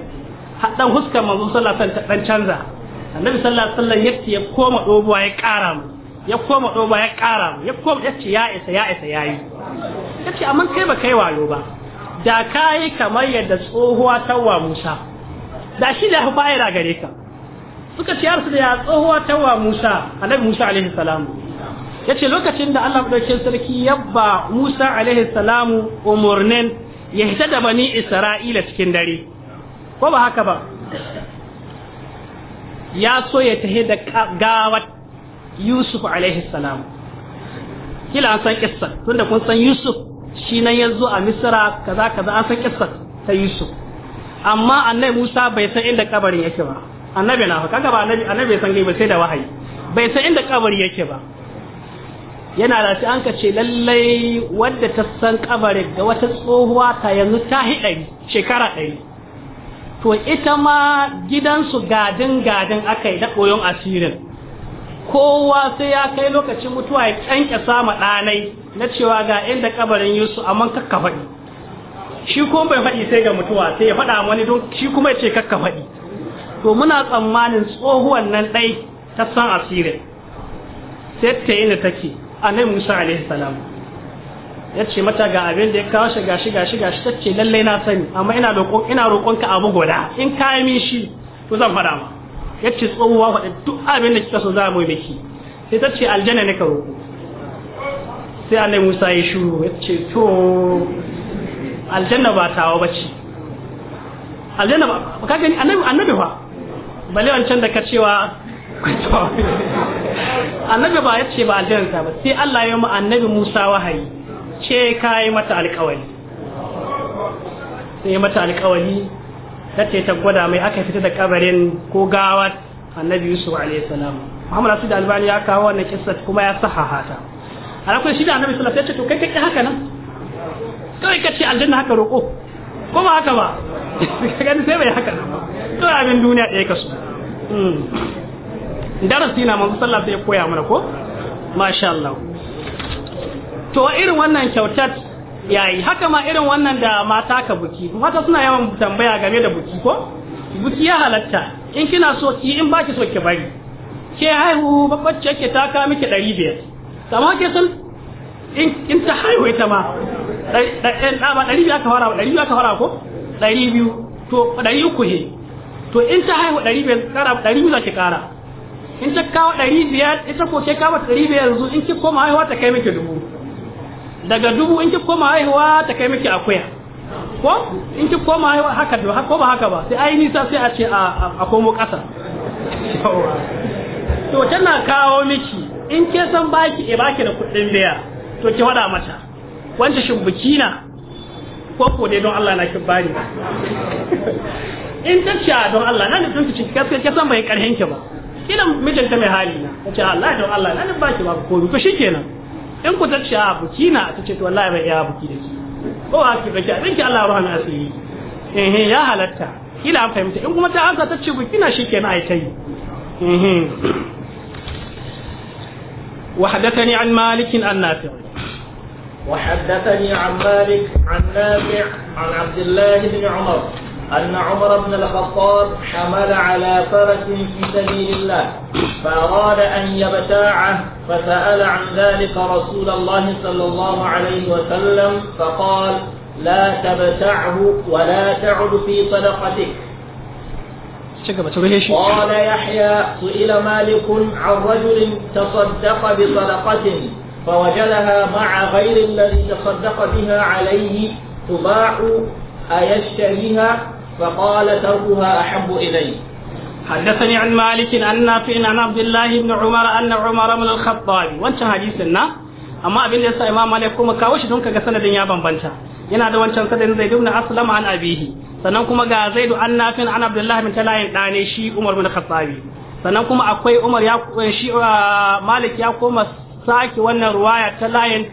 dan huskar manzo sallallahu alaihi wasallam dan canza annabi sallallahu alaihi wasallam ya ce ya koma dobuwa ya kara mu ya koma dobuwa ya kara mu ya koma ya ce ya isa ya isa yayi ya ce amma kai ba kai wayo ba da yi kamar yadda tsohuwa tawa Musa da shi da bayira gare ka suka ciyar su da ya tsohuwa tawa Musa annabi Musa alaihi salamu yace lokacin da Allah madaukakin sarki yabba Musa alaihi salamu umurnin ya hita da bani Isra'ila cikin dare ko ba haka ba ya so ya tahe da gawat Yusuf alaihi salamu kila an san kissa tunda kun san Yusuf shi nan ya zo a misra kaza kaza an san kisa ta yusuf amma annabi musa bai san inda kabarin yake ba annabi na kaga ba annabi annabi san gaiba sai da wahayi bai san inda kabari yake ba yana da shi an ka lallai wadda ta san kabarin ga wata tsohuwa ta yanzu ta hidari shekara ɗari to ita ma gidansu gadin gadin aka yi da koyon asirin kowa sai ya kai lokacin mutuwa ya kyanke sama ɗanai na cewa ga inda kabarin Yusuf amma kakka faɗi shi kuma bai faɗi sai ga mutuwa sai ya faɗa wani don shi kuma yace ce kakka faɗi to muna tsammanin tsohuwan nan dai ta san asirin sai ta yi take Musa alaihi salam ya ce mata ga abin da ya kawo shi gashi shi gashi ta ce lallai na sani amma ina roƙon ina roƙon ka abu guda in ka yi min shi to zan faɗa ma ya ce tsohuwa faɗi duk abin da kika so za mu yi miki sai ta ce aljanna ne ka roƙo sai annabi Musa ya shuru ya ce to aljanna ba tawa bace aljanna ba ka gani annabi ba bale wancan da ka cewa annabi ba ya ce ba aljanna ta ba sai Allah ya yi annabi Musa wahayi ce ka yi mata alƙawari sai mata alƙawari ce ta gwada mai aka fita da kabarin ko gawar annabi Yusuf alaihi salam asu da Albani ya kawo wannan kisa kuma ya sahahata. hata alakwai shi da annabi sallallahu alaihi wasallam ya ce to kai kai haka nan kai ka ce aljanna haka roko ko ba haka ba ka gani sai bai haka to abin duniya ɗaya kaso hmm. darasi na manzo sallallahu alaihi wasallam ya koya mana ko masha Allah to irin wannan kyautat yayi haka ma irin wannan da mata ka buki mata suna yawan tambaya game da buki ko buki ya halatta in kina so ki in baki so ki bari ke haihu babbar ce ke taka miki 500 amma ke sun in ta haihu ita ma ɗan ɗaba ɗari biyu aka fara ɗari biyu aka fara ko ɗari biyu to ɗari uku he to in ta haihu ɗari biyar ƙara ɗari biyu za ki ƙara in ta kawo ɗari biyar ita ko ke kawo ɗari biyar yanzu in ki koma haihuwa ta kai miki dubu daga dubu in ki koma haihuwa ta kai miki akuya ko in ki koma haka da ko ba haka ba sai ai nisa sai a ce a komo ƙasa to tana kawo miki in ke san baki e baki da kuɗin biya to ki faɗa mata wanda buki na ko ko dai don Allah na ki bani in ta a ah, don Allah na nufin ki cikin gaskiya ke san bai karhen ki ba mijin ta mai hali na ta ce Allah don Allah na nufin baki ba ko to shikenan in ku ta ci a ah, buki na ta ce to wallahi bai iya buki da ki ko a ki baki abin ki Allah ruhan asiri eh ya halatta kila an fahimta in kuma ta ansa ta ce buki na shikenan ai tai eh وحدثني عن مالك عن نافع وحدثني عن مالك عن نافع عن عبد الله بن عمر أن عمر بن الخطاب حمل على فرس في سبيل الله فأراد أن يبتاعه فسأل عن ذلك رسول الله صلى الله عليه وسلم فقال لا تبتعه ولا تعد في صدقتك cigaba ta ruhe shi qala yahya su'ila malikun an rajulin tasaddaqa bi sadaqatin فوجدها مع غير الذي تصدق بها عليه تباع أيشتريها فقال تركها أحب إليه حدثني عن مالك أن نافع عن عبد الله بن عمر أن عمر من الخطاب وانت حديثنا أما أبن يسا إمام مالك كما كاوش دونك كسنة دنيا بمبنتا yana da wancan sadan zaid ibn aslam an abihi sannan kuma ga zaid an nafin an abdullahi bin talayin dane shi umar bin khattabi sannan kuma akwai umar ya shi uh, malik ya koma saki wannan ruwaya ta layin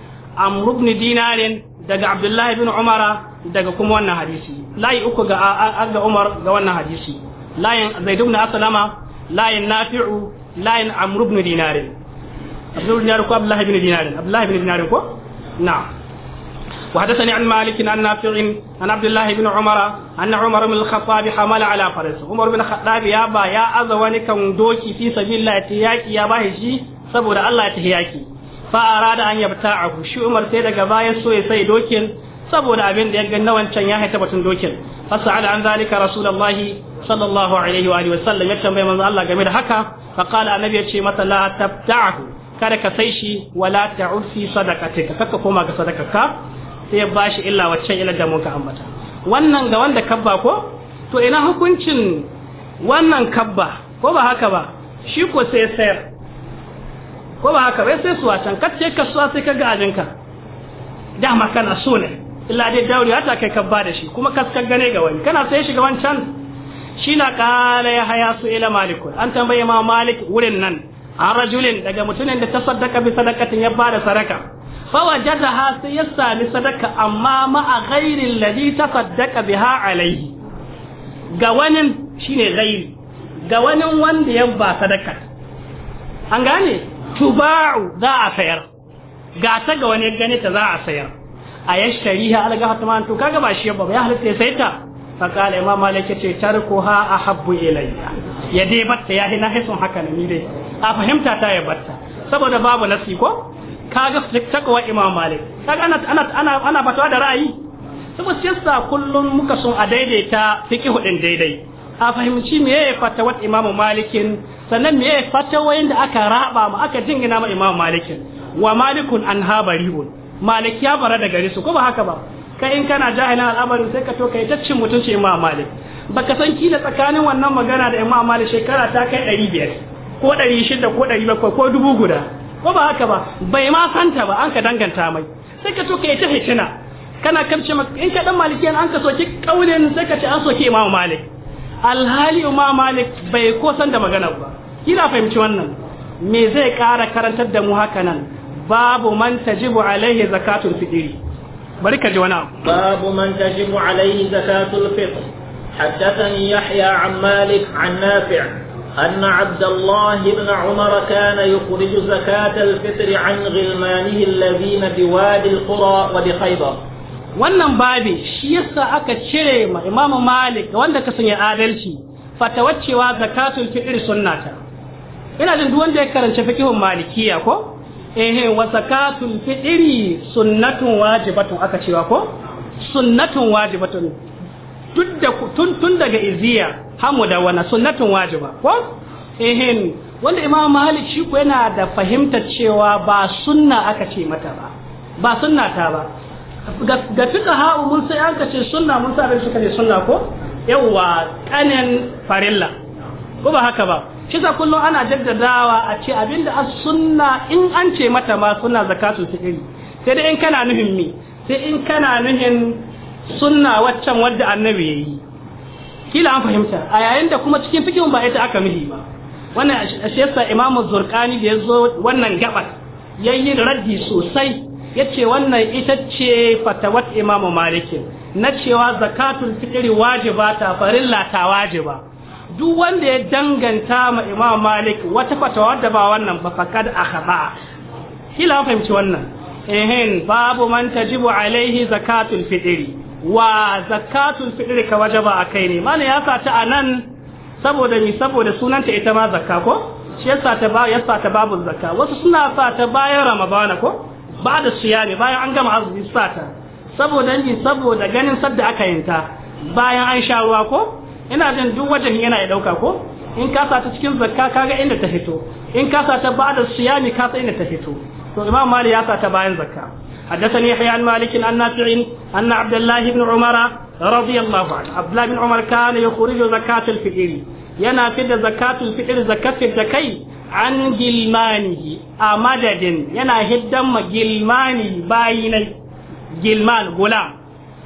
amr ibn dinarin daga Abdullahi bin umara daga kuma wannan hadisi layi uku ga ga umar ga wannan hadisi layin zaid ibn aslam layin nafi'u layin amr ibn dinarin abdullahi bin dinarin abdullahi bin dinarin bin dinarin ko na'am وحدثني عن مالك عن نافع عن عبد الله بن عمر أن عمر بن الخطاب حمل على فرس عمر بن الخطاب يا با يا أزواني كم دوكي في سبيل الله تياكي يا باهشي سبور الله تهياكي فأراد أن يبتاعه شو عمر سيدا قبايا سوي سي دوكين saboda abin da ya ganna wancan ya haita batun dokin fasa'ala an zalika rasulullahi sallallahu alaihi wa sallam ya tambaye manzo Allah game da haka fa qala annabi ya ce mata la tabta'hu kada ka sai shi wala ta'ufi sadaqatika kaka koma ga sadakarka sai ya bashi illa waccan illa da ka ambata wannan ga wanda kabba ko to ina hukuncin wannan kabba ko ba haka ba shi ko sai sayar ko ba haka ba sai suwa can ka suwa sai ka ga ajinka ma kana so ne illa dai dauri hata kai kabba da shi kuma kaskar gane ga wani kana sai shi ga wancan shi na kala ya haya su ila malikun an tambaye ma malik wurin nan a rajulin daga mutumin da ta saddaka bi sadakatin ya bada sadaka fawajadaha sai ya sami sadaka amma ma'a ghairil ladhi tasaddaqa biha alaihi ga wani shine ghairi ga wani wanda ya ba sadaka an gane tuba'u za a sayar ga ta ga wani gane ta za a sayar a yashtariha alga hatman to kaga ba shi ba ya halitta sai ta faqala imam malik ce tarkuha ahabbu ilayya ya dai batta ya hina hisun haka ne dai a fahimta ta ya batta saboda babu nasi ko kaga takwa imam malik kaga ana ana ana ana fatawa da ra'ayi saboda yasa kullun muka son a daidaita fiqhu din daidai a fahimci me meye fatawar imam malikin sannan meye fatawoyin da aka raba mu aka jingina ma imam malikin wa malikun an habariun malik ya bara da gare su ko ba haka ba kai in kana jahilan al'amarin sai ka to kai tacci mutunci imam malik baka san kila tsakanin wannan magana da imam malik shekara ta kai 500 ko 600 ko 700 ko dubu guda ko ba haka ba bai ma santa ba an ka danganta mai sai ka so ta hitina kana kamce in ka dan malikiyan an ka soki kaulin sai ka ce an soki imamu malik alhali imamu malik bai ko san da magana ba kina fahimci wannan me zai kara karantar da mu haka nan babu man tajibu alaihi zakatul fitri bari ka ji wani babu man tajibu alaihi zakatul fitr حدثني يحيى عن مالك عن نافع أن عبد الله بن عمر كان يخرج زكاة الفطر عن غلمانه الذين بوادي القرى وبخيبر wannan babi shi yasa aka cire ma Imam Malik wanda ka sanya adalci fatawacewa zakatul fitr sunnata ina jin duk wanda ya karanci fiqhun malikiya ko eh wa zakatul fitr sunnatun wajibatun aka cewa ko sunnatun wajibatun tun daga iziya hamu da wana sunnatun wajiba ko ehin wanda imam malik shi ko yana da fahimtar cewa ba sunna aka ce mata ba ba sunna ta ba ga fika ha'u mun sai an kace sunna mun sa abin suka ne sunna ko yawwa kanin farilla ko ba haka ba shi sa kullum ana jaddadawa a ce abinda as sunna in an ce mata ma sunna zakatun iri sai dai in kana nuhin mi sai in kana nuhin sunna waccan wadda annabi yayi kila an fahimta a yayin da kuma cikin fikihun ba ita aka mihi ba wannan shi yasa Imam Zurqani da yazo wannan gabar yayi raddi sosai yace wannan ita ce fatawat Imam Malik na cewa zakatul fitri wajiba ta farilla ta wajiba duk wanda ya danganta ma Imam Malik wata fatawa da ba wannan ba fakad akhaba kila an fahimci wannan ehin babu man tajibu alaihi zakatul fitri wa zakatun fitr ka wajaba akai ne mana ya sa ta anan saboda ni saboda sunanta ita ma zakka ko shi yasa ta ba yasa ta babu zakka wasu suna sa ta bayan ramadana ko ba da siyami bayan an gama azumi sa ta saboda ni saboda ganin sadda aka yinta bayan an sha ruwa ko ina jin duk wajen yana ya dauka ko in ka sa ta cikin zakka kaga inda ta fito in ka sa ta ba da siyami ka inda ta fito to imam mali ya sa ta bayan zakka حدثني يحيى عن مالك عن نافع أن عبد الله بن عمر رضي الله عنه عبد الله بن عمر كان يخرج زكاة الفئر yana fidda zakatul fitr zakatul zakai an gilmani a madadin yana hiddan ma gilmani bayinai gilman gulam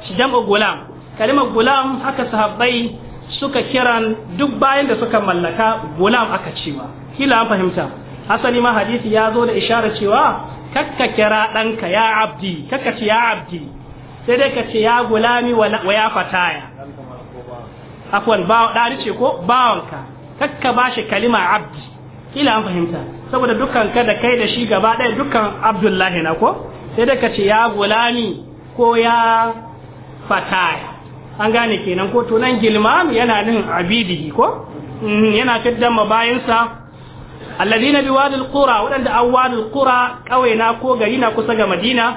shi jam'u gulam kalimar gulam haka sahabbai suka kiran duk bayan da suka mallaka gulam aka cewa kila an fahimta asali ma hadisi ya zo da ishara cewa kakka kira ɗanka ya abdi kakka ce ya abdi sai dai ka ya gulami wa ya fataya afwan ba ce ko bawanka kakka ba shi kalima abdi kila an fahimta saboda dukkan ka da kai da shi gaba ɗaya dukkan abdullahi na ko sai dai ka ya gulami ko ya fataya an gane kenan ko to nan gilmam yana nin abidi ko mhm, yana fiddan mabayinsa alladhina biwadil qura wadanda awwadil qura na ko gari na kusa ga madina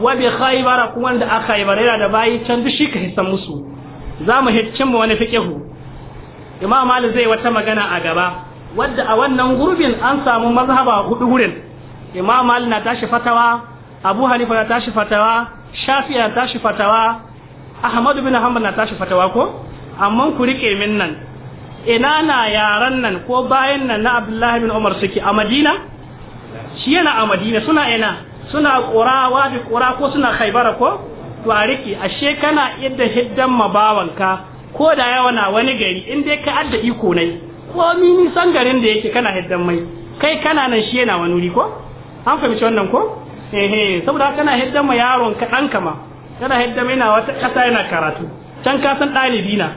wa bi khaybar kuma wanda aka khaybara da bayi can duk shi ka hisan musu zamu hiccin mu wani fikihu imam mali zai wata magana a gaba wanda a wannan gurbin an samu mazhaba hudu gurin imam mali na tashi fatawa abu hanifa na tashi fatawa shafi na tashi fatawa ahmad bin hanbal na tashi fatawa ko amma ku rike min nan ina na yaran nan ko bayan nan na abdullahi bin umar suke a madina shi yana a madina suna ina suna kura Wafi kura ko suna khaibara ko to a riki ashe kana yadda hiddan mabawanka ko da yawa na wani gari in dai ka adda iko nai ko mini san garin da yake kana hiddan mai kai kana nan shi yana wani wuri ko an fahimci wannan ko eh eh saboda kana hiddan ma yaron ka dan kama kana hiddan mai na wata kasa yana karatu can ka san dalibi na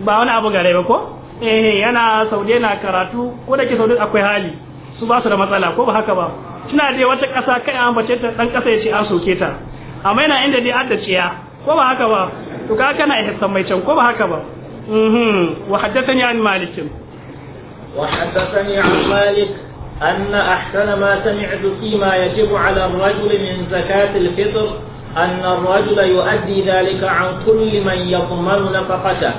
ba wani abu gare ba ko eh yana saude na karatu ko da ke saude akwai hali su ba su da matsala ko ba haka ba suna da wata kasa kai an bace ta dan kasa ya ce an soke ta amma yana inda dai adda ciya ko ba haka ba to ka kana ihsan mai can ko ba haka ba mhm wa haddathani an malik wa haddathani an malik أن أحسن ما سمعت فيما يجب على الرجل من زكاة الفطر أن الرجل يؤدي ذلك عن كل من يضمن نفقته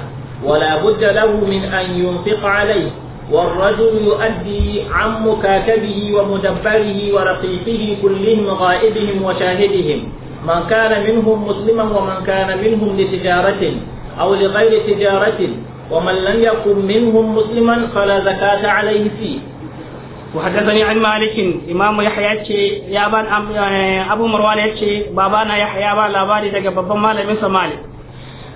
ولا بد له من أن ينفق عليه والرجل يؤدي عن مكاتبه ومدبره ورقيقه كلهم غائبهم وشاهدهم من كان منهم مسلما ومن كان منهم لتجارة أو لغير تجارة ومن لم يكن منهم مسلما فلا زكاة عليه فيه وحدثني عن مالك امام يحيى yace ya ban abu marwan yace babana yahya ba labari daga babban malamin sa malik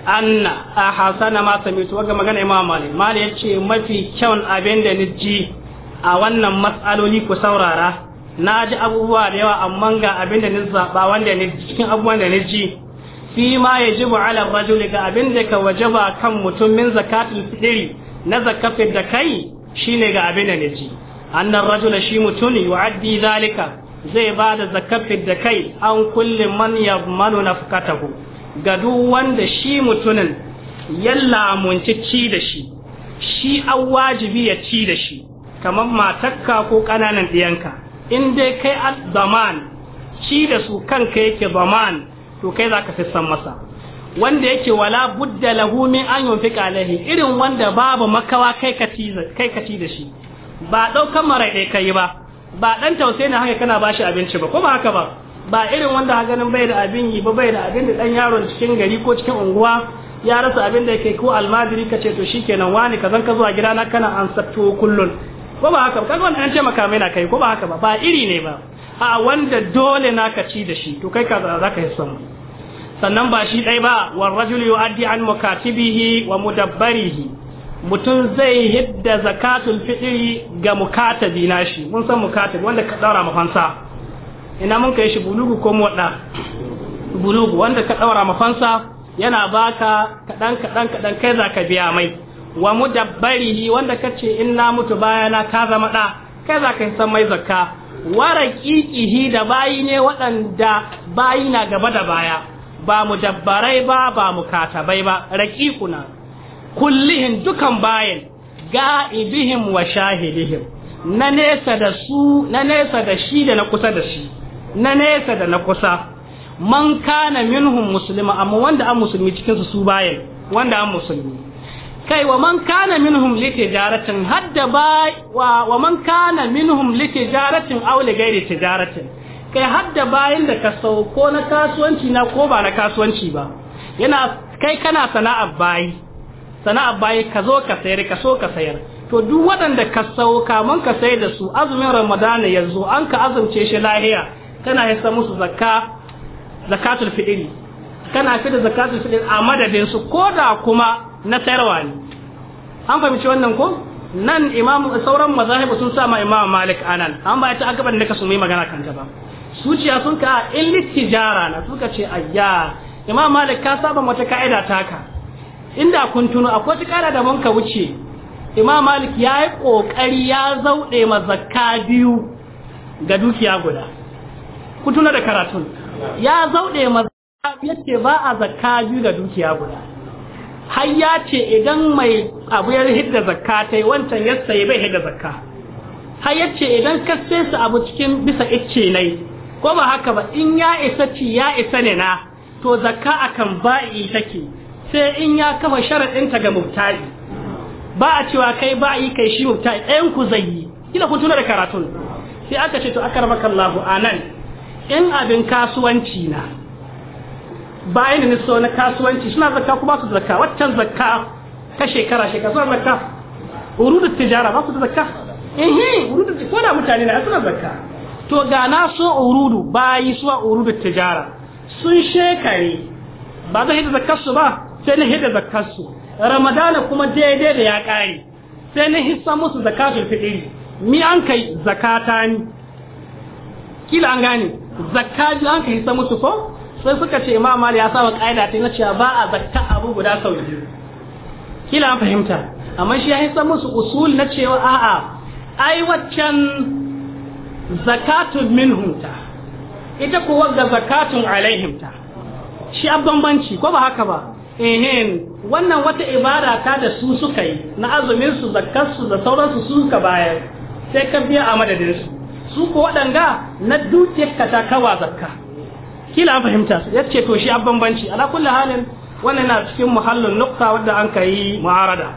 anna a hasana ma su waga magana imam malik malik ya ce mafi kyawun abin da ji a wannan matsaloli ku saurara na ji abubuwa da yawa amma ga abin da ni zaɓa wanda ni cikin abubuwan da ni ji fi ma ya ji ala rajuli ga abin da ka wajaba kan mutum min zakatul fidiri na zakafi da kai shine ga abin da ni ji annan rajula shi mutum yu'addi zalika zai ba da zakafi da kai an kullum man yamanu nafkatahu ga duk wanda shi mutumin yalla munci ci da shi shi an wajibi ya ci da shi kamar matakka ko ƙananan ɗiyanka in dai kai al zaman ci da su kanka yake zaman to kai za ka fissan masa wanda yake wala budda lahu min an yunfiqa alaihi irin wanda babu makawa kai ka ci da shi ba daukan marai dai kai ba ba ɗan tausayi ne haka kana bashi abinci ba ko ba haka ba ba irin wanda a ganin bai da abin yi ba bai da abin da dan yaron cikin gari ko cikin unguwa ya rasa abin da yake ko almajiri ka ce to shikenan wani ka zan ka zuwa gida gidana kana an satto kullun ko ba haka kaga wannan an ce maka mai na kai ko ba haka ba ba iri ne ba a wanda dole na ka ci da shi to kai ka za ka yi son sannan ba shi dai ba wal rajul yu'addi an mukatibihi wa mudabbarihi mutum zai hidda zakatul fitri ga mukatabi nashi mun san mukatabi wanda ka daura mafansa ina mun kai shi bulugu ko muwadda bulugu wanda ka daura mafansa yana baka kadan kadan kadan kai za ka biya mai wa mudabbarihi wanda ce in na mutu bayana ka zama da kai za ka yi san mai zakka wa raqiqihi da bayi ne waɗanda bayi na gaba da baya ba mu dabbarai ba ba katabai ba raqiquna kullihin dukan bayin ga'ibihim wa shahidihim na nesa da su na nesa da shi da na kusa da shi na nesa da na kusa man kana minhum muslima amma wanda an musulmi cikin su su bayan wanda an musulmi kai wa man kana minhum litijaratin hadda ba wa, wa man kana minhum litijaratin aw li ghairi tijaratin kai hadda bayan da ka sau ko na kasuwanci na ko ba na kasuwanci ba yana kai kana sana'ar bayi sana'ar bayi ka zo ka sayar ka so ka sayar to duk waɗanda ka sauka man ka sayar da su azumin ramadana yanzu an ka azumce shi lahiya kana hissa musu zakka zakatul kana fita zakatul a madadin su koda kuma na sayarwa ne an fahimci wannan ko nan imam sauran mazahibu sun sa ma imam malik anan an ba ta akaban da kasu mai magana kan gaba suciya sun ka illi tijara na suka ce ayya imam malik ka saba wata ka'ida taka inda kun tuno akwai wata ƙara da mun ka wuce imam malik ya yi kokari ya zauɗe ma zakka biyu ga dukiya guda kutuna da karatun ya zaude maza ya ce ba a zakka biyu da dukiya guda har ya ce idan mai abu ya hidda zakka ta yi wancan ya sayi bai hidda zakka har ya ce idan ka su abu cikin bisa icce yi ko ba haka ba in ya isa ci ya isa ne na to zakka akan ba'i take sai in ya kafa sharaɗinta ga mubtali ba a cewa kai ba'i kai shi mubtali ɗayan ku zai yi kila kun tuna da karatun sai aka ce to akar Allahu anan in abin kasuwanci na bayan da so na kasuwanci suna zakka ba su zakka waccan zakka ta shekara shekara suna zakka urudu tijara ba su da zakka ehe urudu ko da mutane na suna zakka to ga na so urudu bayi su urudu tijara sun shekare ba zai hidda zakkar su ba sai na hidda zakkar su ramadana kuma daidai da ya kare sai na hissa musu zakatul fitri mi an kai zakata ni kila an gane zakka ji an ka hisa musu ko sai suka ce imam mali ya wa kaida ta na cewa ba a zakka abu guda sau biyu kila fahimta amma shi ya hisa musu usul na cewa a'a ai waccan zakatun minhum ta ita kuwa ga zakatun alaihim ta shi bambanci ko ba haka ba ehem wannan wata ibada ta da su suka yi na azumin su zakkar su da sauransu su suka bayar sai ka biya a madadin su su ko waɗanga na dutse ka ta kawa zakka kila an fahimta su ya ce to shi an bambanci ala kulli halin wannan na cikin muhallin nukta wadda an ka yi mu'arada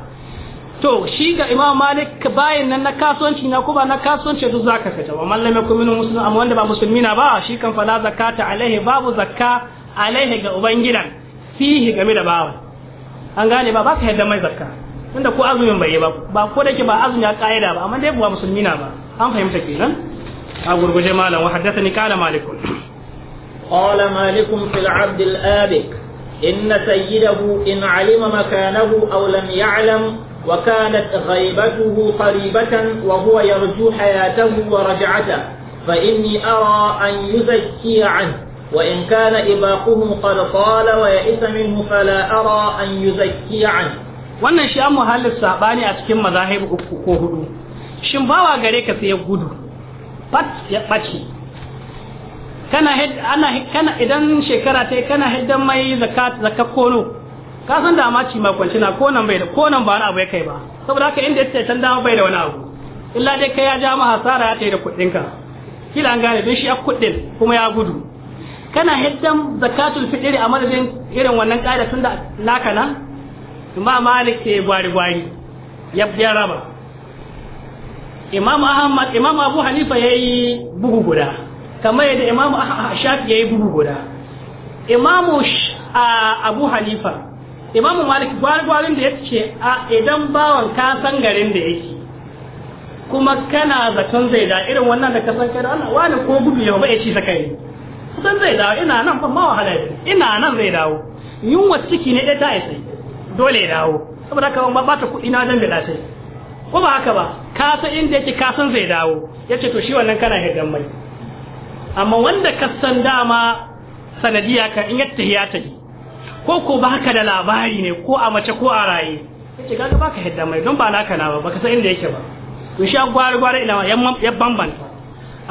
to shi ga imam malik bayan nan na kasuwanci na kuma na kasuwanci duk zaka fita wa mallame ku minu musulmi amma wanda ba musulmi na ba shi kan fala zakata alaihi babu zakka alaihi ga ubangidan fihi game da babu an gane ba baka yadda mai zakka tunda ko azumin bai yi ba ba ko da ke ba azumin ya kaida ba amma dai ba musulmi na ba an fahimta kenan a gurguje malam wa haddathani qala malik qala malik fil abd al abik إن سيده إن علم مكانه أو لم يعلم وكانت غيبته قريبة وهو يرجو حياته ورجعته فإني أرى أن يزكي عنه وإن كان إباقه قد طال ويئس منه فلا أرى أن يزكي عنه wannan shi an muhallin saɓani a cikin mazahib uku ko hudu shin bawa gare ka sai ya gudu fat ya ɓace kana ana idan shekara ta kana hidan mai zakat zakat kono ka san da amaci ma kwanci na ko nan bai da ko nan ba wani abu ya kai ba saboda haka inda yace can dama bai da wani abu illa dai kai ya ja ma hasara ya tai da kuɗin ka kila an gane don shi ya kuɗin kuma ya gudu kana hiddan zakatul fitri a madadin irin wannan ƙa'ida da naka nan imam malik ke gwari gwari ya raba imam ahmad imam abu hanifa yayi bugu guda kamar yadda imam shafi yayi bugu guda imam abu hanifa imam malik gwargwarin da yace a idan bawan ka san garin da yake kuma kana zaton zai da irin wannan da ka san kai Allah wani ko gudu ya ba ya ci saka yi san zai da ina nan fa ma wahala ina nan zai dawo yunwa ciki ne ɗaya ta sai dole ya dawo saboda ka ba ta kuɗi na dan da sai ko ba haka ba ka san inda yake ka san zai dawo yace to shi wannan kana hidan mai amma wanda ka san dama sanadiya ka in yatta ya ta ko ko ba haka da labari ne ko a mace ko a raye yace ba baka hidan mai don ba naka na ba baka san inda yake ba to shi gwar gwar ina ya bambanta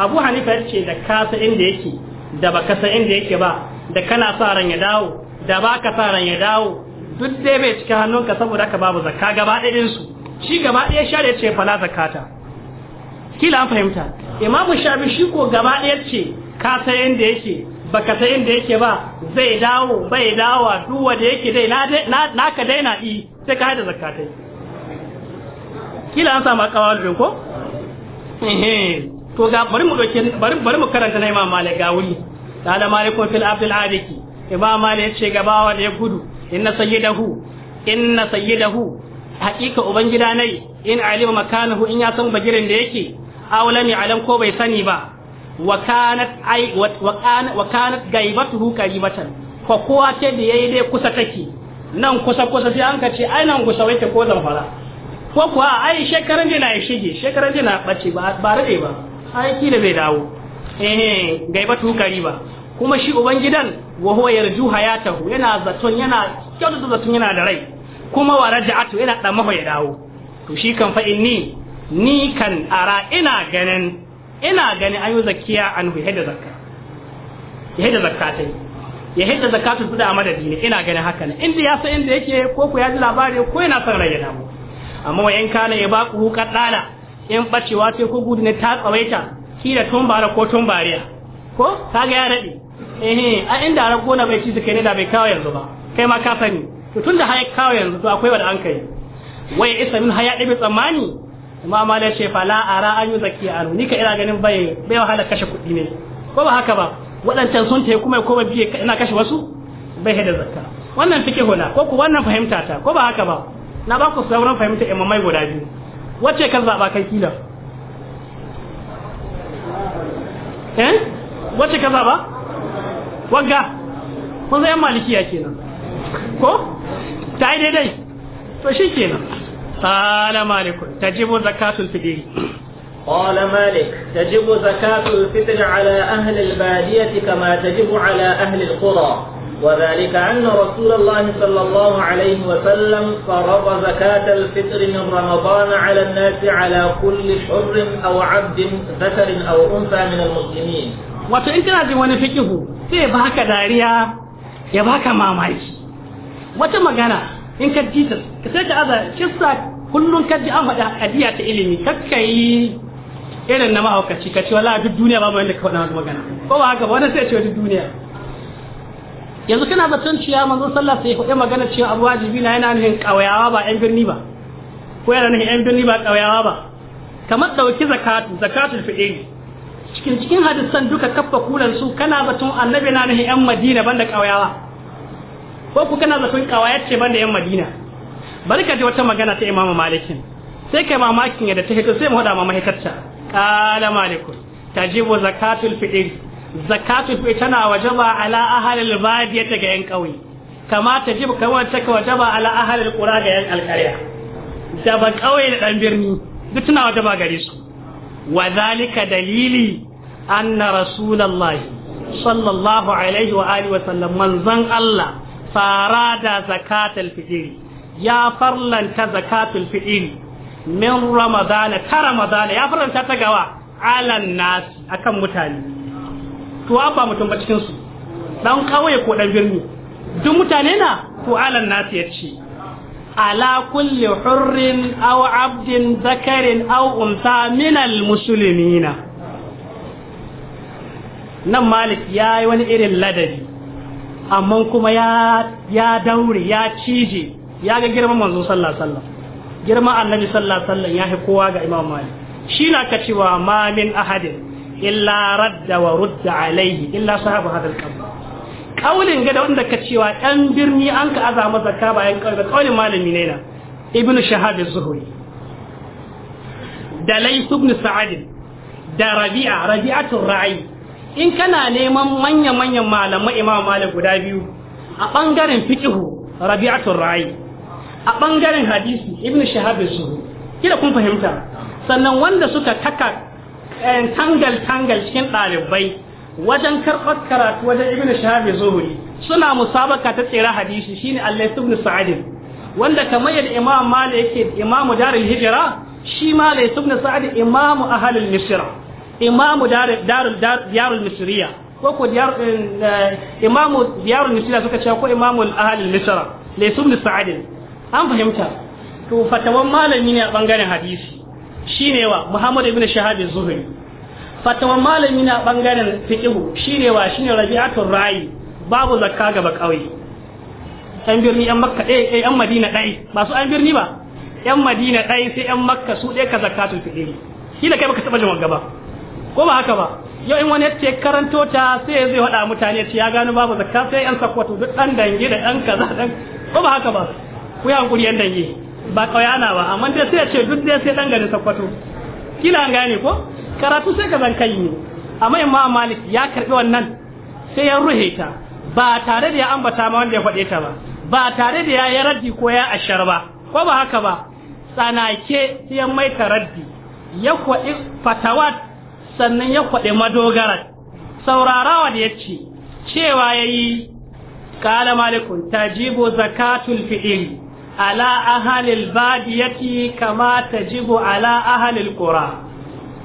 Abu Hanifa yace da ka san inda yake da baka san inda yake ba da kana sa ran ya dawo da baka sa ran ya dawo duk dai bai cika hannunka saboda ka babu zakka gaba ɗayan su shi gaba ɗaya share ce fala zakata kila an fahimta imamu shafi shi ko gaba ɗaya ce ka ta yanda yake baka ta yanda yake ba zai dawo bai dawa duk wanda yake dai na ka daina i sai ka haɗa zakatai kila an samu akawalin ko to ga bari mu bari mu karanta na Imam Malik ga wuri qala malikun fil abdul adiki Imam Malik ce gabawa da ya gudu inna sayyidahu inna sayyidahu hakika gida nai in alima makanahu in ya san bagirin da yake aw lam ya'lam ko bai sani ba wa kanat ay wa kanat gaibatuhu qaribatan ko kowa ce da yayi dai kusa take nan kusa kusa sai an kace ai nan kusa ta ko fara. ko kuwa ai shekaran jina ya shige shekaran jina bace ba ba rade ba ai kila bai dawo eh gaibatuhu qariba kuma shi ubangidan wa huwa yarju hayatahu yana zaton yana kyautata zaton yana da rai kuma wa raja'atu yana da maho ya dawo to shi kan fa inni ni kan ara ina ganin ina ganin ayu zakiya an hu hada zakka ya hada zakata ya hada zakatu kuda a madadi ne ina ganin haka ne inda ya san inda yake ko ku ya ji labari ko yana son rai da dawo amma wa in kana ya baku hukar dala in bacewa sai ko gudu ne ta tsawaita da tumbara ko tumbariya ko kaga ya rabi eh a inda rago na bai ci suka ne da bai kawo yanzu ba kai ma ka sani to tunda haya kawo yanzu to akwai wani an kai wai isa min haya ɗabi tsammani amma ma da ce la ara an yi zaki a ni ka ina ganin bai bai wahala kashe kuɗi ne ko ba haka ba waɗancan sun tayi kuma ko biye ina kashe wasu bai hada zakka wannan fike hona ko ku wannan fahimta ta ko ba haka ba na ba ku sauran fahimta imamai guda biyu wacce ka zaba kai kila eh wacce ka zaba wagga kun zai malikiya kenan ko ta yi daidai to shi kenan qala malik tajibu zakatul fidiri قال مالك تجب زكاة الفطر على أهل البادية كما تجب على أهل القرى وذلك أن رسول الله صلى الله عليه وسلم فرض زكاة الفطر من رمضان على الناس على كل حر أو عبد ذكر أو أنثى من المسلمين wato in kana jin wani fikihu sai ya baka dariya ya baka mamaki wata magana in ka ji ta ka sai ka aza kissa kullun ka ji an faɗi hadiya ta ilimi kakka yi irin na mahaukaci ka ce wala duk duniya mu yadda ka faɗa wata magana ko ba haka ba wani sai ce duk duniya yanzu kana zaton ciya manzo sallah sai faɗi magana cewa abu wajibi na yana nufin ƙauyawa ba ƴan birni ba ko yana nufin ƴan birni ba ƙauyawa ba kamar ɗauki zakatu zakatu fi'ili cikin cikin hadisan duka kafa kulan su kana batun annabi na nufin ƴan madina banda ƙauyawa ko ku kana zaton kawayar ce banda yan madina bari ka wata magana ta imamu malikin sai kai mamakin yadda ta hito sai mu hada ma mahitarta qala malikun tajibu zakatul fitr zakatul fitr tana wajaba ala ahlil badiyati ga yan kauye kama tajibu kama ta wajaba ala ahlil qura ga yan alqarya da ba kauye da dan birni duk tana wajaba gare su wa zalika dalili anna rasulullahi sallallahu alaihi wa alihi wa sallam manzan Allah farada zakatul fitri ya farlanta zakatul fitri min ramadana ta ramadana ya farlanta ta gawa alan nas akan mutane to abba mutum ba cikin su dan kawai ko dan birni duk mutane na to alan nas ya ala kulli hurrin aw abdin zakarin aw unsa min al muslimina nan malik yayi wani irin ladabi amma kuma ya ya daure ya cije ya ga girman manzo sallallahu alaihi wasallam girman annabi sallallahu alaihi ya fi kowa ga imam mali shi na ka cewa ma min ahadin illa radda wa rudda alaihi illa sahabu hadal qabr kaulin ga da wanda ka cewa dan birni an ka azama zakka bayan kalba kaulin malami ne na ibn shahab az-zuhri da laysu ibn sa'ad da rabi'a rabi'atu ra'i in kana neman manya-manyan malamai imam malik guda biyu a ɓangaren fikihu rabi'atul ra'ayi, a ɓangaren hadisi ibn shahab zuhri kila kun fahimta sannan wanda suka taka eh, tangal tangal cikin ɗalibai wajen karɓar karatu wajen ibn shahab zuhri suna musabaka ta tsira hadisi shine allais ibn Sa'adin, wanda kamar yadda imam malik yake imamu darul hijra shi malik ibn sa'id imamu ahlul misra imamu darul diyarul misriya ko ko diyar eh, eh, imamu diyarul misriya suka cewa ko imamu ahlul misra laysu ibn sa'd an fahimta to fatawan malami ne a bangaren hadisi shine wa muhammad ibn shahab az-zuhri fatawan malami ne a bangaren fiqh shine wa shine rabi'atul ra'i babu zakka gaba kauye yan birni yan makka ɗaya eh, ɗaya yan madina ɗaya ba su an birni ba yan madina ɗaya sai yan makka su ɗaya ka zakatul fitri kila kai baka taɓa jin gaba. ko ba haka ba yau in wani ce karanto ta sai ya zai wada mutane ce ya gano babu zakka sai yan sakwato duk dan dangi da dan kaza dan ko ba haka ba ku yi hankuri yan dangi ba kauyana ba amma dai sai ya ce duk dai sai dan gari sakwato kila an gane ko karatu sai ka zan kai ne amma imam malik ya karbi wannan sai ya ruhe ta ba tare da ya ambata ma wanda ya faɗe ta ba ba tare da ya yi raddi ko ya ashar ba ko ba haka ba tsanake sai ya maita raddi ya kwaɗi fatawat sannan ya kwaɗe madogara saurarawa da ya ce cewa ya yi ƙala malikun jibo zakatul fi'il ala ahalil badiyati kama jibo ala ahalil qura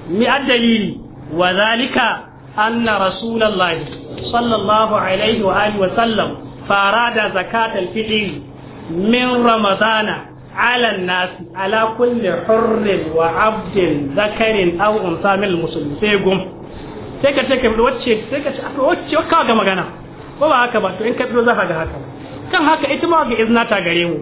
mi addalili wa zalika anna Rasulallah sallallahu alaihi wa sallam, fara da zakatul fi'il min ramadana Alan nasu ala Kulle hurrin wa abdin zakarin aw unsa min muslim sai gum sai ka ce ka wacce sai ka aka wacce ka ga magana ba ba haka ba to in ka bi za ka ga haka kan haka ita ma ga izna ta gare mu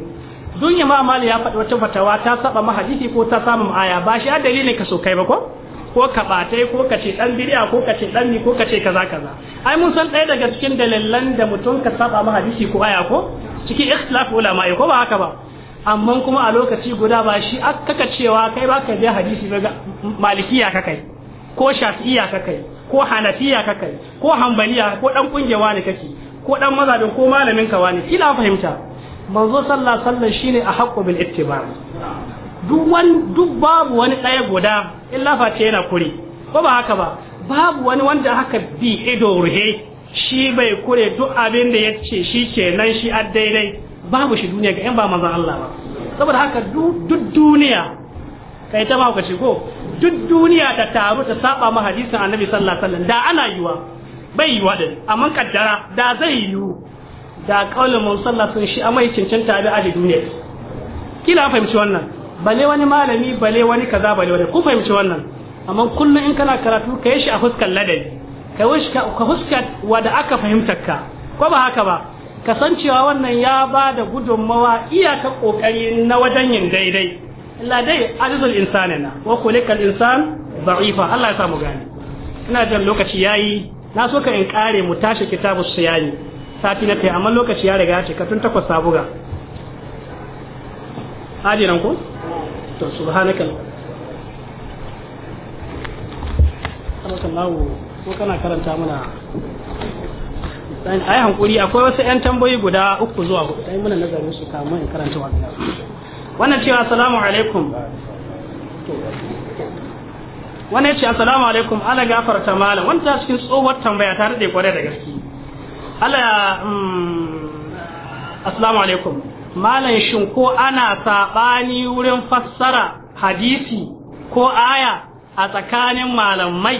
dunya ma mali ya faɗi wata fatawa ta saba ma hadisi ko ta samu aya ba shi a dalilin ka so kai ba ko ko ka batai ko ka ce dan bid'a ko ka ce dan ni ko ka ce kaza kaza ai mun san ɗaya daga cikin dalilan da mutum ka saba ma hadisi ko aya ko cikin ikhtilaf ulama ko ba haka ba amma kuma a lokaci guda ba shi aka cewa kai ba ka je hadisi ba malikiya ka kai ko shafi'iya ka kai ko hanafiya ka kai ko hambaliya ko dan kungiyawa ne kake ko dan mazabin ko malamin ka wani kila fahimta manzo sallallahu alaihi shine a haqqo bil ittiba duk wani duk babu wani daya guda illa face yana kure ko ba haka ba babu wani wanda haka bi ido ruhe shi bai kure duk abin da yace shi kenan shi ad babu shi duniya ga yan ba manzon Allah ba saboda haka duk duniya kai ta ma ce ko duk duniya ta taru ta saba ma hadisin annabi sallallahu alaihi da ana yiwa bai yiwa da amma kaddara da zai yiwu da kaulin mun sallah sun shi amai cincin da aji duniya kila fahimci wannan bale wani malami bale wani kaza bale wani ku fahimci wannan amma kullum in kana karatu ka yi shi a fuskan ladabi ka yi shi ka aka fahimtar ka ko ba haka ba kasancewa wannan ya ba da gudunmawa iyaka kokari na wajen yin daidai illa dai ajizul insani na wa kulikal insan da'ifa Allah ya samu gani ina jan lokaci yayi na so ka in kare mu tashi kitabu siyani sati na kai amma lokaci ya riga ce cika tun takwas sabuga ajiran ko to subhanakal Allah kana karanta mana dan ai hankuri akwai wasu yan tambayoyi guda uku zuwa hudu dai muna nazarin su kamun in karanta wannan wannan cewa assalamu alaikum wannan ce assalamu alaikum ala gafarta malam wannan ta cikin tsohuwar tambaya ta rade kware da gaske ala mm, assalamu alaikum malam shin ko ana sabani wurin fassara hadisi ko aya a tsakanin malamai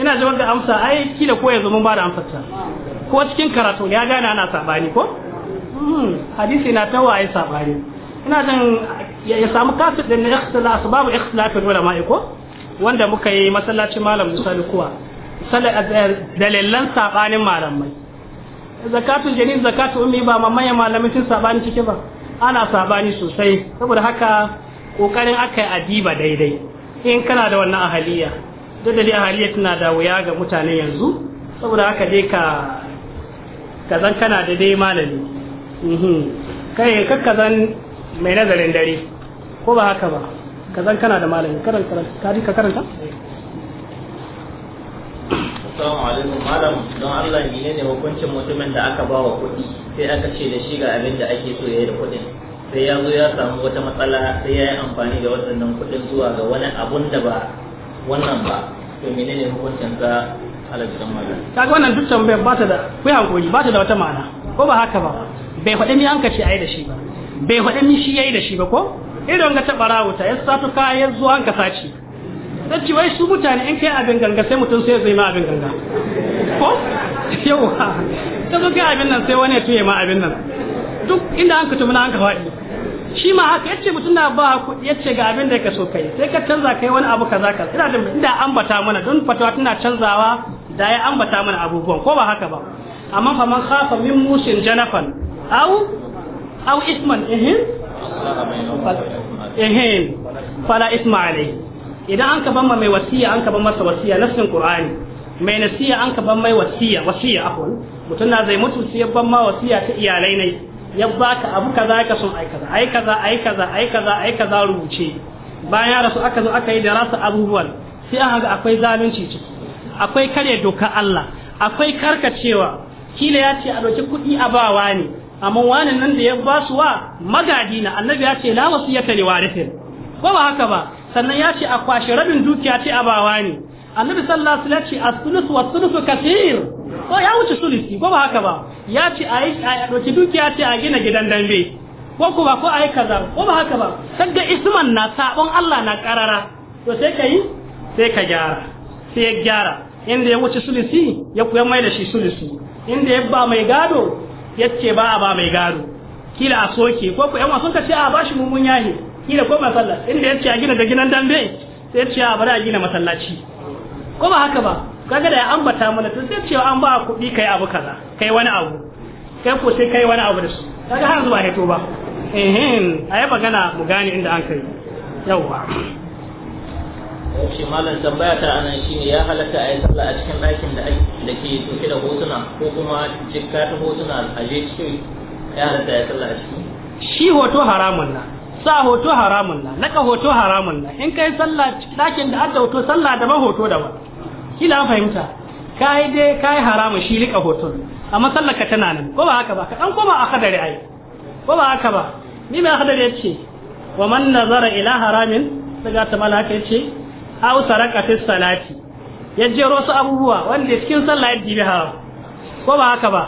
ina ji da amsa ai kila ko yanzu mun ba da amsar ta ko cikin karatu ya gane ana sabani ko hmm, hadisi na tawa ai sabani ina jin ya samu kasu din ikhtilaf asbabu ikhtilaf ulama ko wanda muka yi masallacin malam misali kuwa eh, dalilan sabanin malamai zakatu janin zakatu ummi ba ya malami sun sabani cike ba ana sabani sosai saboda haka kokarin akai adiba daidai in kana da wannan ahaliya duk da jahiliya tana da wuya ga mutane yanzu saboda haka dai ka ka zan kana da dai malami mhm. kai kakka zan mai nazarin dare ko ba haka ba ka zan kana da malami karanta ka karanta assalamu alaikum malam don Allah ne ne hukuncin mutumin da aka bawa kuɗi sai aka ce da shi ga abin da ake so yayi da kuɗin sai ya zo ya samu wata matsala sai ya yi amfani da waɗannan kuɗin zuwa ga wani abun da ba wannan ba to menene hukuncin sa alajiran magana kaga wannan duk tambayar ba ta da kai hankali ba ta da wata ma'ana ko ba haka ba bai faɗi ni an kace ai da shi ba bai faɗi ni shi yayi da shi ba ko idan ga tabara wuta ya sato ka ya zo an ka sace sai ci wai su mutane in kai abin ganga sai mutum sai zai ma abin ganga ko yawa ta zo kai abin nan sai wani ya tuye ma abin nan duk inda an ka tumi na an ka faɗi shi ma haka yace mutum na ba kuɗi yace ga abin da ka so kai sai ka canza kai wani abu kaza kaza ina da inda ambata mana don fatawa tana canzawa da ya ambata mana abubuwan ko ba haka ba amma fa man khafa min musin janafan Au au isman ehin ehin fala isma alai idan an ka bamma mai wasiya an ka ban masa wasiya nasin qur'ani mai nasiya an ka ban mai wasiya wasiya akon mutum na zai mutu sai ban ma wasiya ta iyalai ne ya baka abu kaza ka son ai kaza ai kaza ai kaza ai kaza ai kaza rubuce bayan rasu aka zo aka yi da rasa abubuwan sai an ga akwai zalunci ciki akwai kare doka Allah akwai karkacewa kila ya ce a doki kuɗi a bawa ne amma wani nan da ya ba su wa magadi na annabi ya ce la wasiyata li warithin ko ba haka ba sannan ya ce a kwashe rabin dukiya ce a bawa ne annabi sallallahu alaihi wasallam ya ce as-sulus wa sulusu kaseer ko ya wuce sulusi ko ba haka ba ya ce a yi a doki dukiya ce a gina gidan dambe ko ko ba ko a yi kaza ko ba haka ba kaga isman na sabon Allah na karara to sai kai sai ka gyara sai ya gyara inda ya wuce sulusi ya kuya mai da shi sulusi inda ya ba mai gado ya ce ba a ba mai gado kila a soke ko ko yan wasan ka ce a bashi mummun yahi kila ko masallaci inda ya ce a gina da gidan dambe sai ya ce a bari a gina masallaci ko ba haka ba kaga da ya ambata mana to sai cewa an ba kuɗi kai abu kaza kai wani abu kai ko sai kai wani abu da su kaga har zuwa heto ba eh ayi magana mu gane inda an kai yawa shi malam tambaya ta anan shine ya halatta a yi sallah a cikin ɗakin da da ke dauke da hotuna ko kuma jikka ta hotuna a je cikin ya halatta ayi sallah a ciki shi hoto haramun na sa hoto haramun na naka hoto haramun na in kai sallah ɗakin da aka hoto sallah daban hoto daban kila an fahimta kai dai kai harama shi lika hoton amma sallaka tana nan ko ba haka ba ka dan koma a dare ai ko ba haka ba ni mai dare yace wa man nazara ila haramin daga ta malaka yace au saraka fi salati ya jero su abubuwa wanda cikin sallah ya dibi haram ko ba haka ba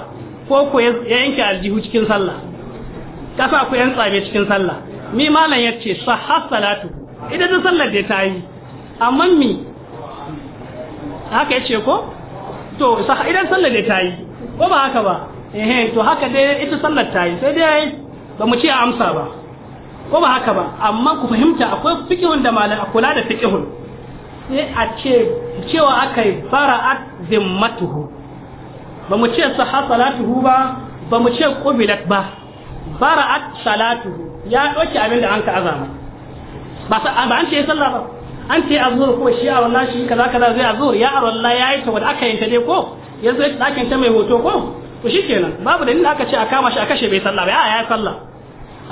ko ko ya yanke aljihu cikin sallah kasa ku yan tsabe cikin sallah mi malam yace sahha salatu idan sallar da ta yi amma mi haka yace ko to idan sallar dai tayi ko ba haka ba eh to haka dai ita sallar tayi sai dai ba mu ce a amsa ba ko ba haka ba amma ku fahimta akwai fiqhun da malam akula kula da fiqhun sai a ce cewa akai fara'at zimmatuhu ba mu ce sahha salatuhu ba ba mu ce qubilat ba fara'at salatuhu ya doke abin da an ka azama ba ba an ce sallah ba an ce azhur ko shi a wallahi shi kaza kaza zai azhur ya wallahi yayi ta wanda aka yanta dai ko yanzu ya dakin ta mai hoto ko to shikenan babu dalilin aka ce a kama shi a kashe bai sallah ba ya ya sallah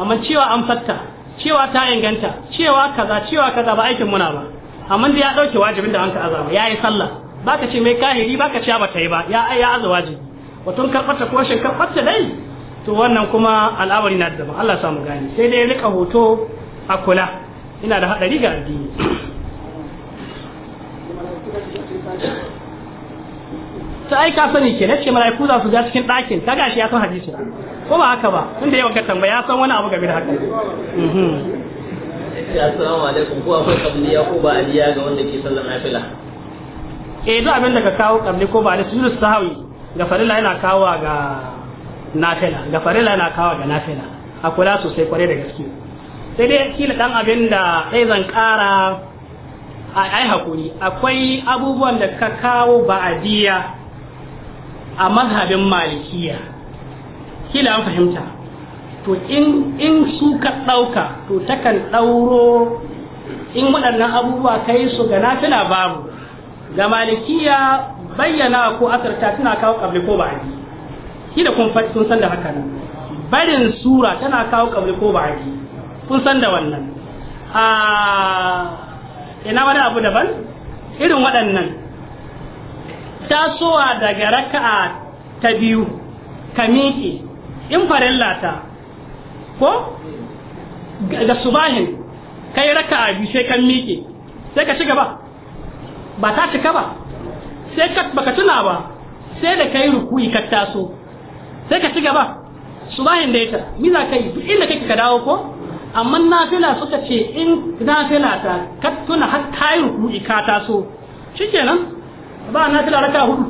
amma cewa an fatta cewa ta inganta cewa kaza cewa kaza ba aikin muna ba amma dai ya dauke wajibin da an ka azama yayi sallah baka ce mai kahiri baka ce ba ta yi ba ya ya azu wajibi wato karbata ko shin karbata dai to wannan kuma al'amari na da Allah ya samu gani sai dai rika hoto a kula ina da hadari ga addini ta ai ka sani ke nace mala'iku za su ga cikin ɗakin ta gashi ya san hadisi ko ba haka ba tunda yau ka tambaya san wani abu game da haka mhm. assalamu alaikum ko akwai ya ko ba aliya ga wanda ke sallar nafila eh duk abin da ka kawo qabli ko ba aliya sunnah sahawi ga farilla yana kawo ga nafila ga farilla yana kawo ga nafila a kula sosai kware da gaske sai dai kila dan abin da sai zan kara ai hakuri akwai abubuwan da ka kawo ba'adiyya a mazhabin malikiya kila an fahimta to in in su ka ɗauka to takan ɗauro in waɗannan abubuwa ka yi su ga nafila babu ga malikiya bayyana ko asarta tana kawo kabli ko ba'adi shi da kun kun san da haka nan barin sura tana kawo kabli ko ba'adi kun san da wannan a ina wani abu daban irin waɗannan tasowa daga raka'a ta biyu ka miƙe in farilla ta ko ga subahin kai raka'a biyu sai kan miƙe sai ka ci gaba ba ta cika ba sai ka baka tuna ba sai da kai ruku'i ka taso sai ka ci gaba subahin da ita za ka duk inda kake ka dawo ko amma nafila suka ce in nafila ta ka tuna har kayi ruku'i ka taso shikenan ba nafila raka hudu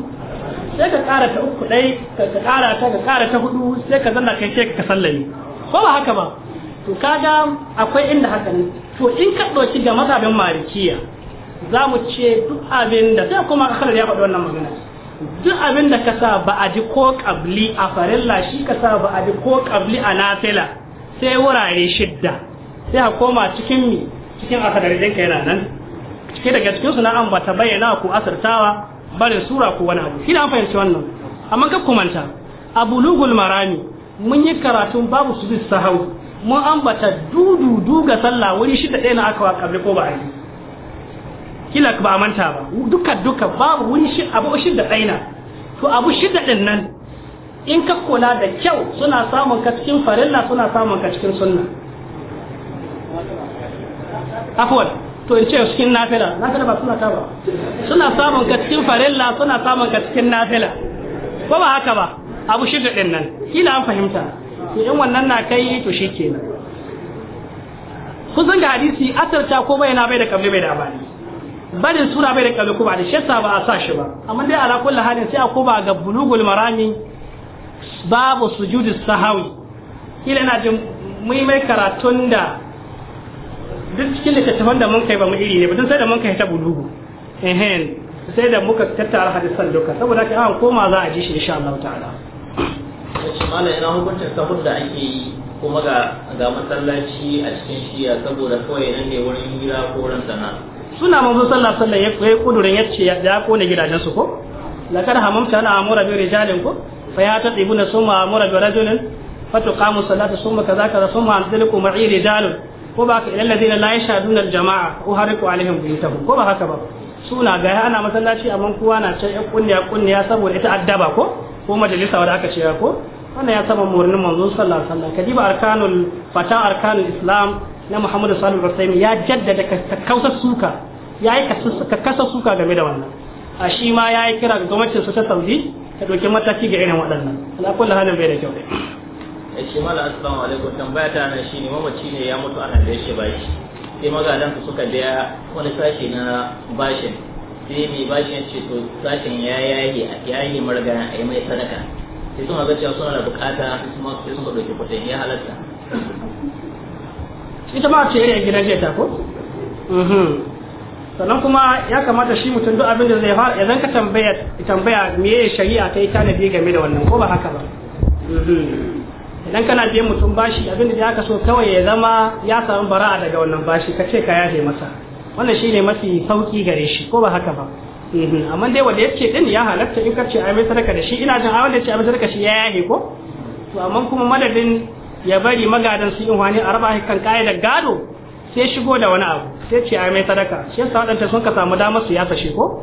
sai ka kara ta uku dai ka kara ta ka kara ta hudu sai ka zanna kai sai ka sallame ko ba haka ba to kaga akwai inda haka ne to in ka dauki ga mazhabin malikiya za mu ce duk abin da sai kuma akalar ya faɗi wannan magana duk abin da ka sa ba a ji ko ƙabli a farilla shi ka sa ba a ji ko ƙabli a nafila sai wurare shidda sai a koma cikin mi cikin asadarjin ka yana nan cike daga cikin su na bata bayyana ko asartawa bare sura ko wani abu shi da an fahimci wannan amma ka kumanta a bulugul marami mun yi karatun babu su sahau mun bata dudu duga sallah wuri shida ɗaya na aka wa ko ba a yi kila ba a manta ba duka duka babu wuri abu shida ɗaya na to abu shida ɗin nan in ka kula da kyau suna samun ka cikin farilla suna samun ka cikin sunna afwan to in ce cikin nafila nafila ba suna ba suna samun ka cikin farilla suna samun ka cikin nafila ko ba haka ba abu shi din nan kila an fahimta to in wannan na kai to shikenan kun san ga hadisi asarta ko bai na bai da kabli bai da abani barin sura bai da kabli ko ba da shessa ba a sa shi ba amma dai ala kullu halin sai a ko ba ga bulugul marami babu sujudu sahawi kila na jin mai mai karatun da duk cikin littattafan da mun kai ba mu iri ne ba sai da mun kai ta bulugu sai da muka tattara hadisan duka saboda ka an koma za a ji shi insha Allah ta'ala shi mallam yana hukuncin sahur da ake yi kuma ga ga masallaci a cikin shiya saboda kawai nan ne wurin hira ko ran sana suna manzo sallallahu sallah wasallam ya kudurin yace ya kone gidajen su ko lakar hamamta na amura bi rijalin ko فياتت ابن ثم امر برجل فتقام الصلاه ثم كذا كذا ثم انطلق معي رجال وباك الى الذين لا يشهدون الجماعه احرق عليهم ko masallaci amma kowa na can ya ita addaba ko ko majalisa wanda aka ce ko wannan ya saba murnin manzo sallallahu alaihi wasallam kadiba arkanul fata arkanul islam na muhammadu sallallahu alaihi wasallam ya jaddada kakkausar suka suka game da wannan a shi ma yayi kira ga gwamnatin su ta saudi ta ɗauki mataki ga irin waɗannan da halin bai da kyau ya eh, shi mala assalamu alaikum tambaya ta nan ne mamaci ne ya mutu ana da shi bashi sai magadan su suka biya wani sashi na bashin sai mai bashin ya ce to sashin ya yaye a yaye marga a yi mai sadaka sai suna ga cewa suna da bukata sai suka ɗauki kuɗin ya halatta ita ma ce irin gidan ta ko mhm. sannan kuma ya kamata shi mutum duk abin da zai fara idan ka tambaya tambaya meye shari'a ta yi tanadi game da wannan ko ba haka ba idan kana biyan mutum bashi abin da ya so kawai ya zama ya samu bara'a daga wannan bashi ka ce ka yaje masa wannan shi ne mafi sauki gare shi ko ba haka ba amma dai wanda yake din ya halatta in kace ai mai sadaka da shi ina jin a wanda yace ai sadaka shi ya yahe ko to amma kuma madadin ya bari magadan su in wani arba kan da gado sai shigo da wani abu sai ce ai mai sadaka shi yasa wadanta sun ka samu damar su ya sashe ko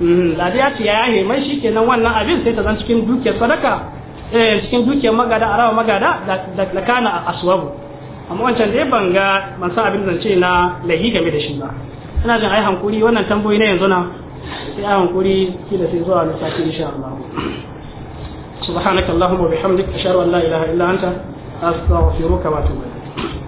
mhm. Ladi ya ce ya yahe mai kenan wannan abin sai ta zan cikin dukiyar sadaka eh cikin dukiyar magada arawa magada da kana aswabu amma wancan dai ban ga ban san abin da ce na lahi game da shi ba ina jin ai hankuri wannan tamboyi na yanzu na sai ai hankuri da sai zuwa lokaci insha Allah subhanakallahumma wa bihamdika ashhadu an la ilaha illa anta astaghfiruka wa atubu ilaik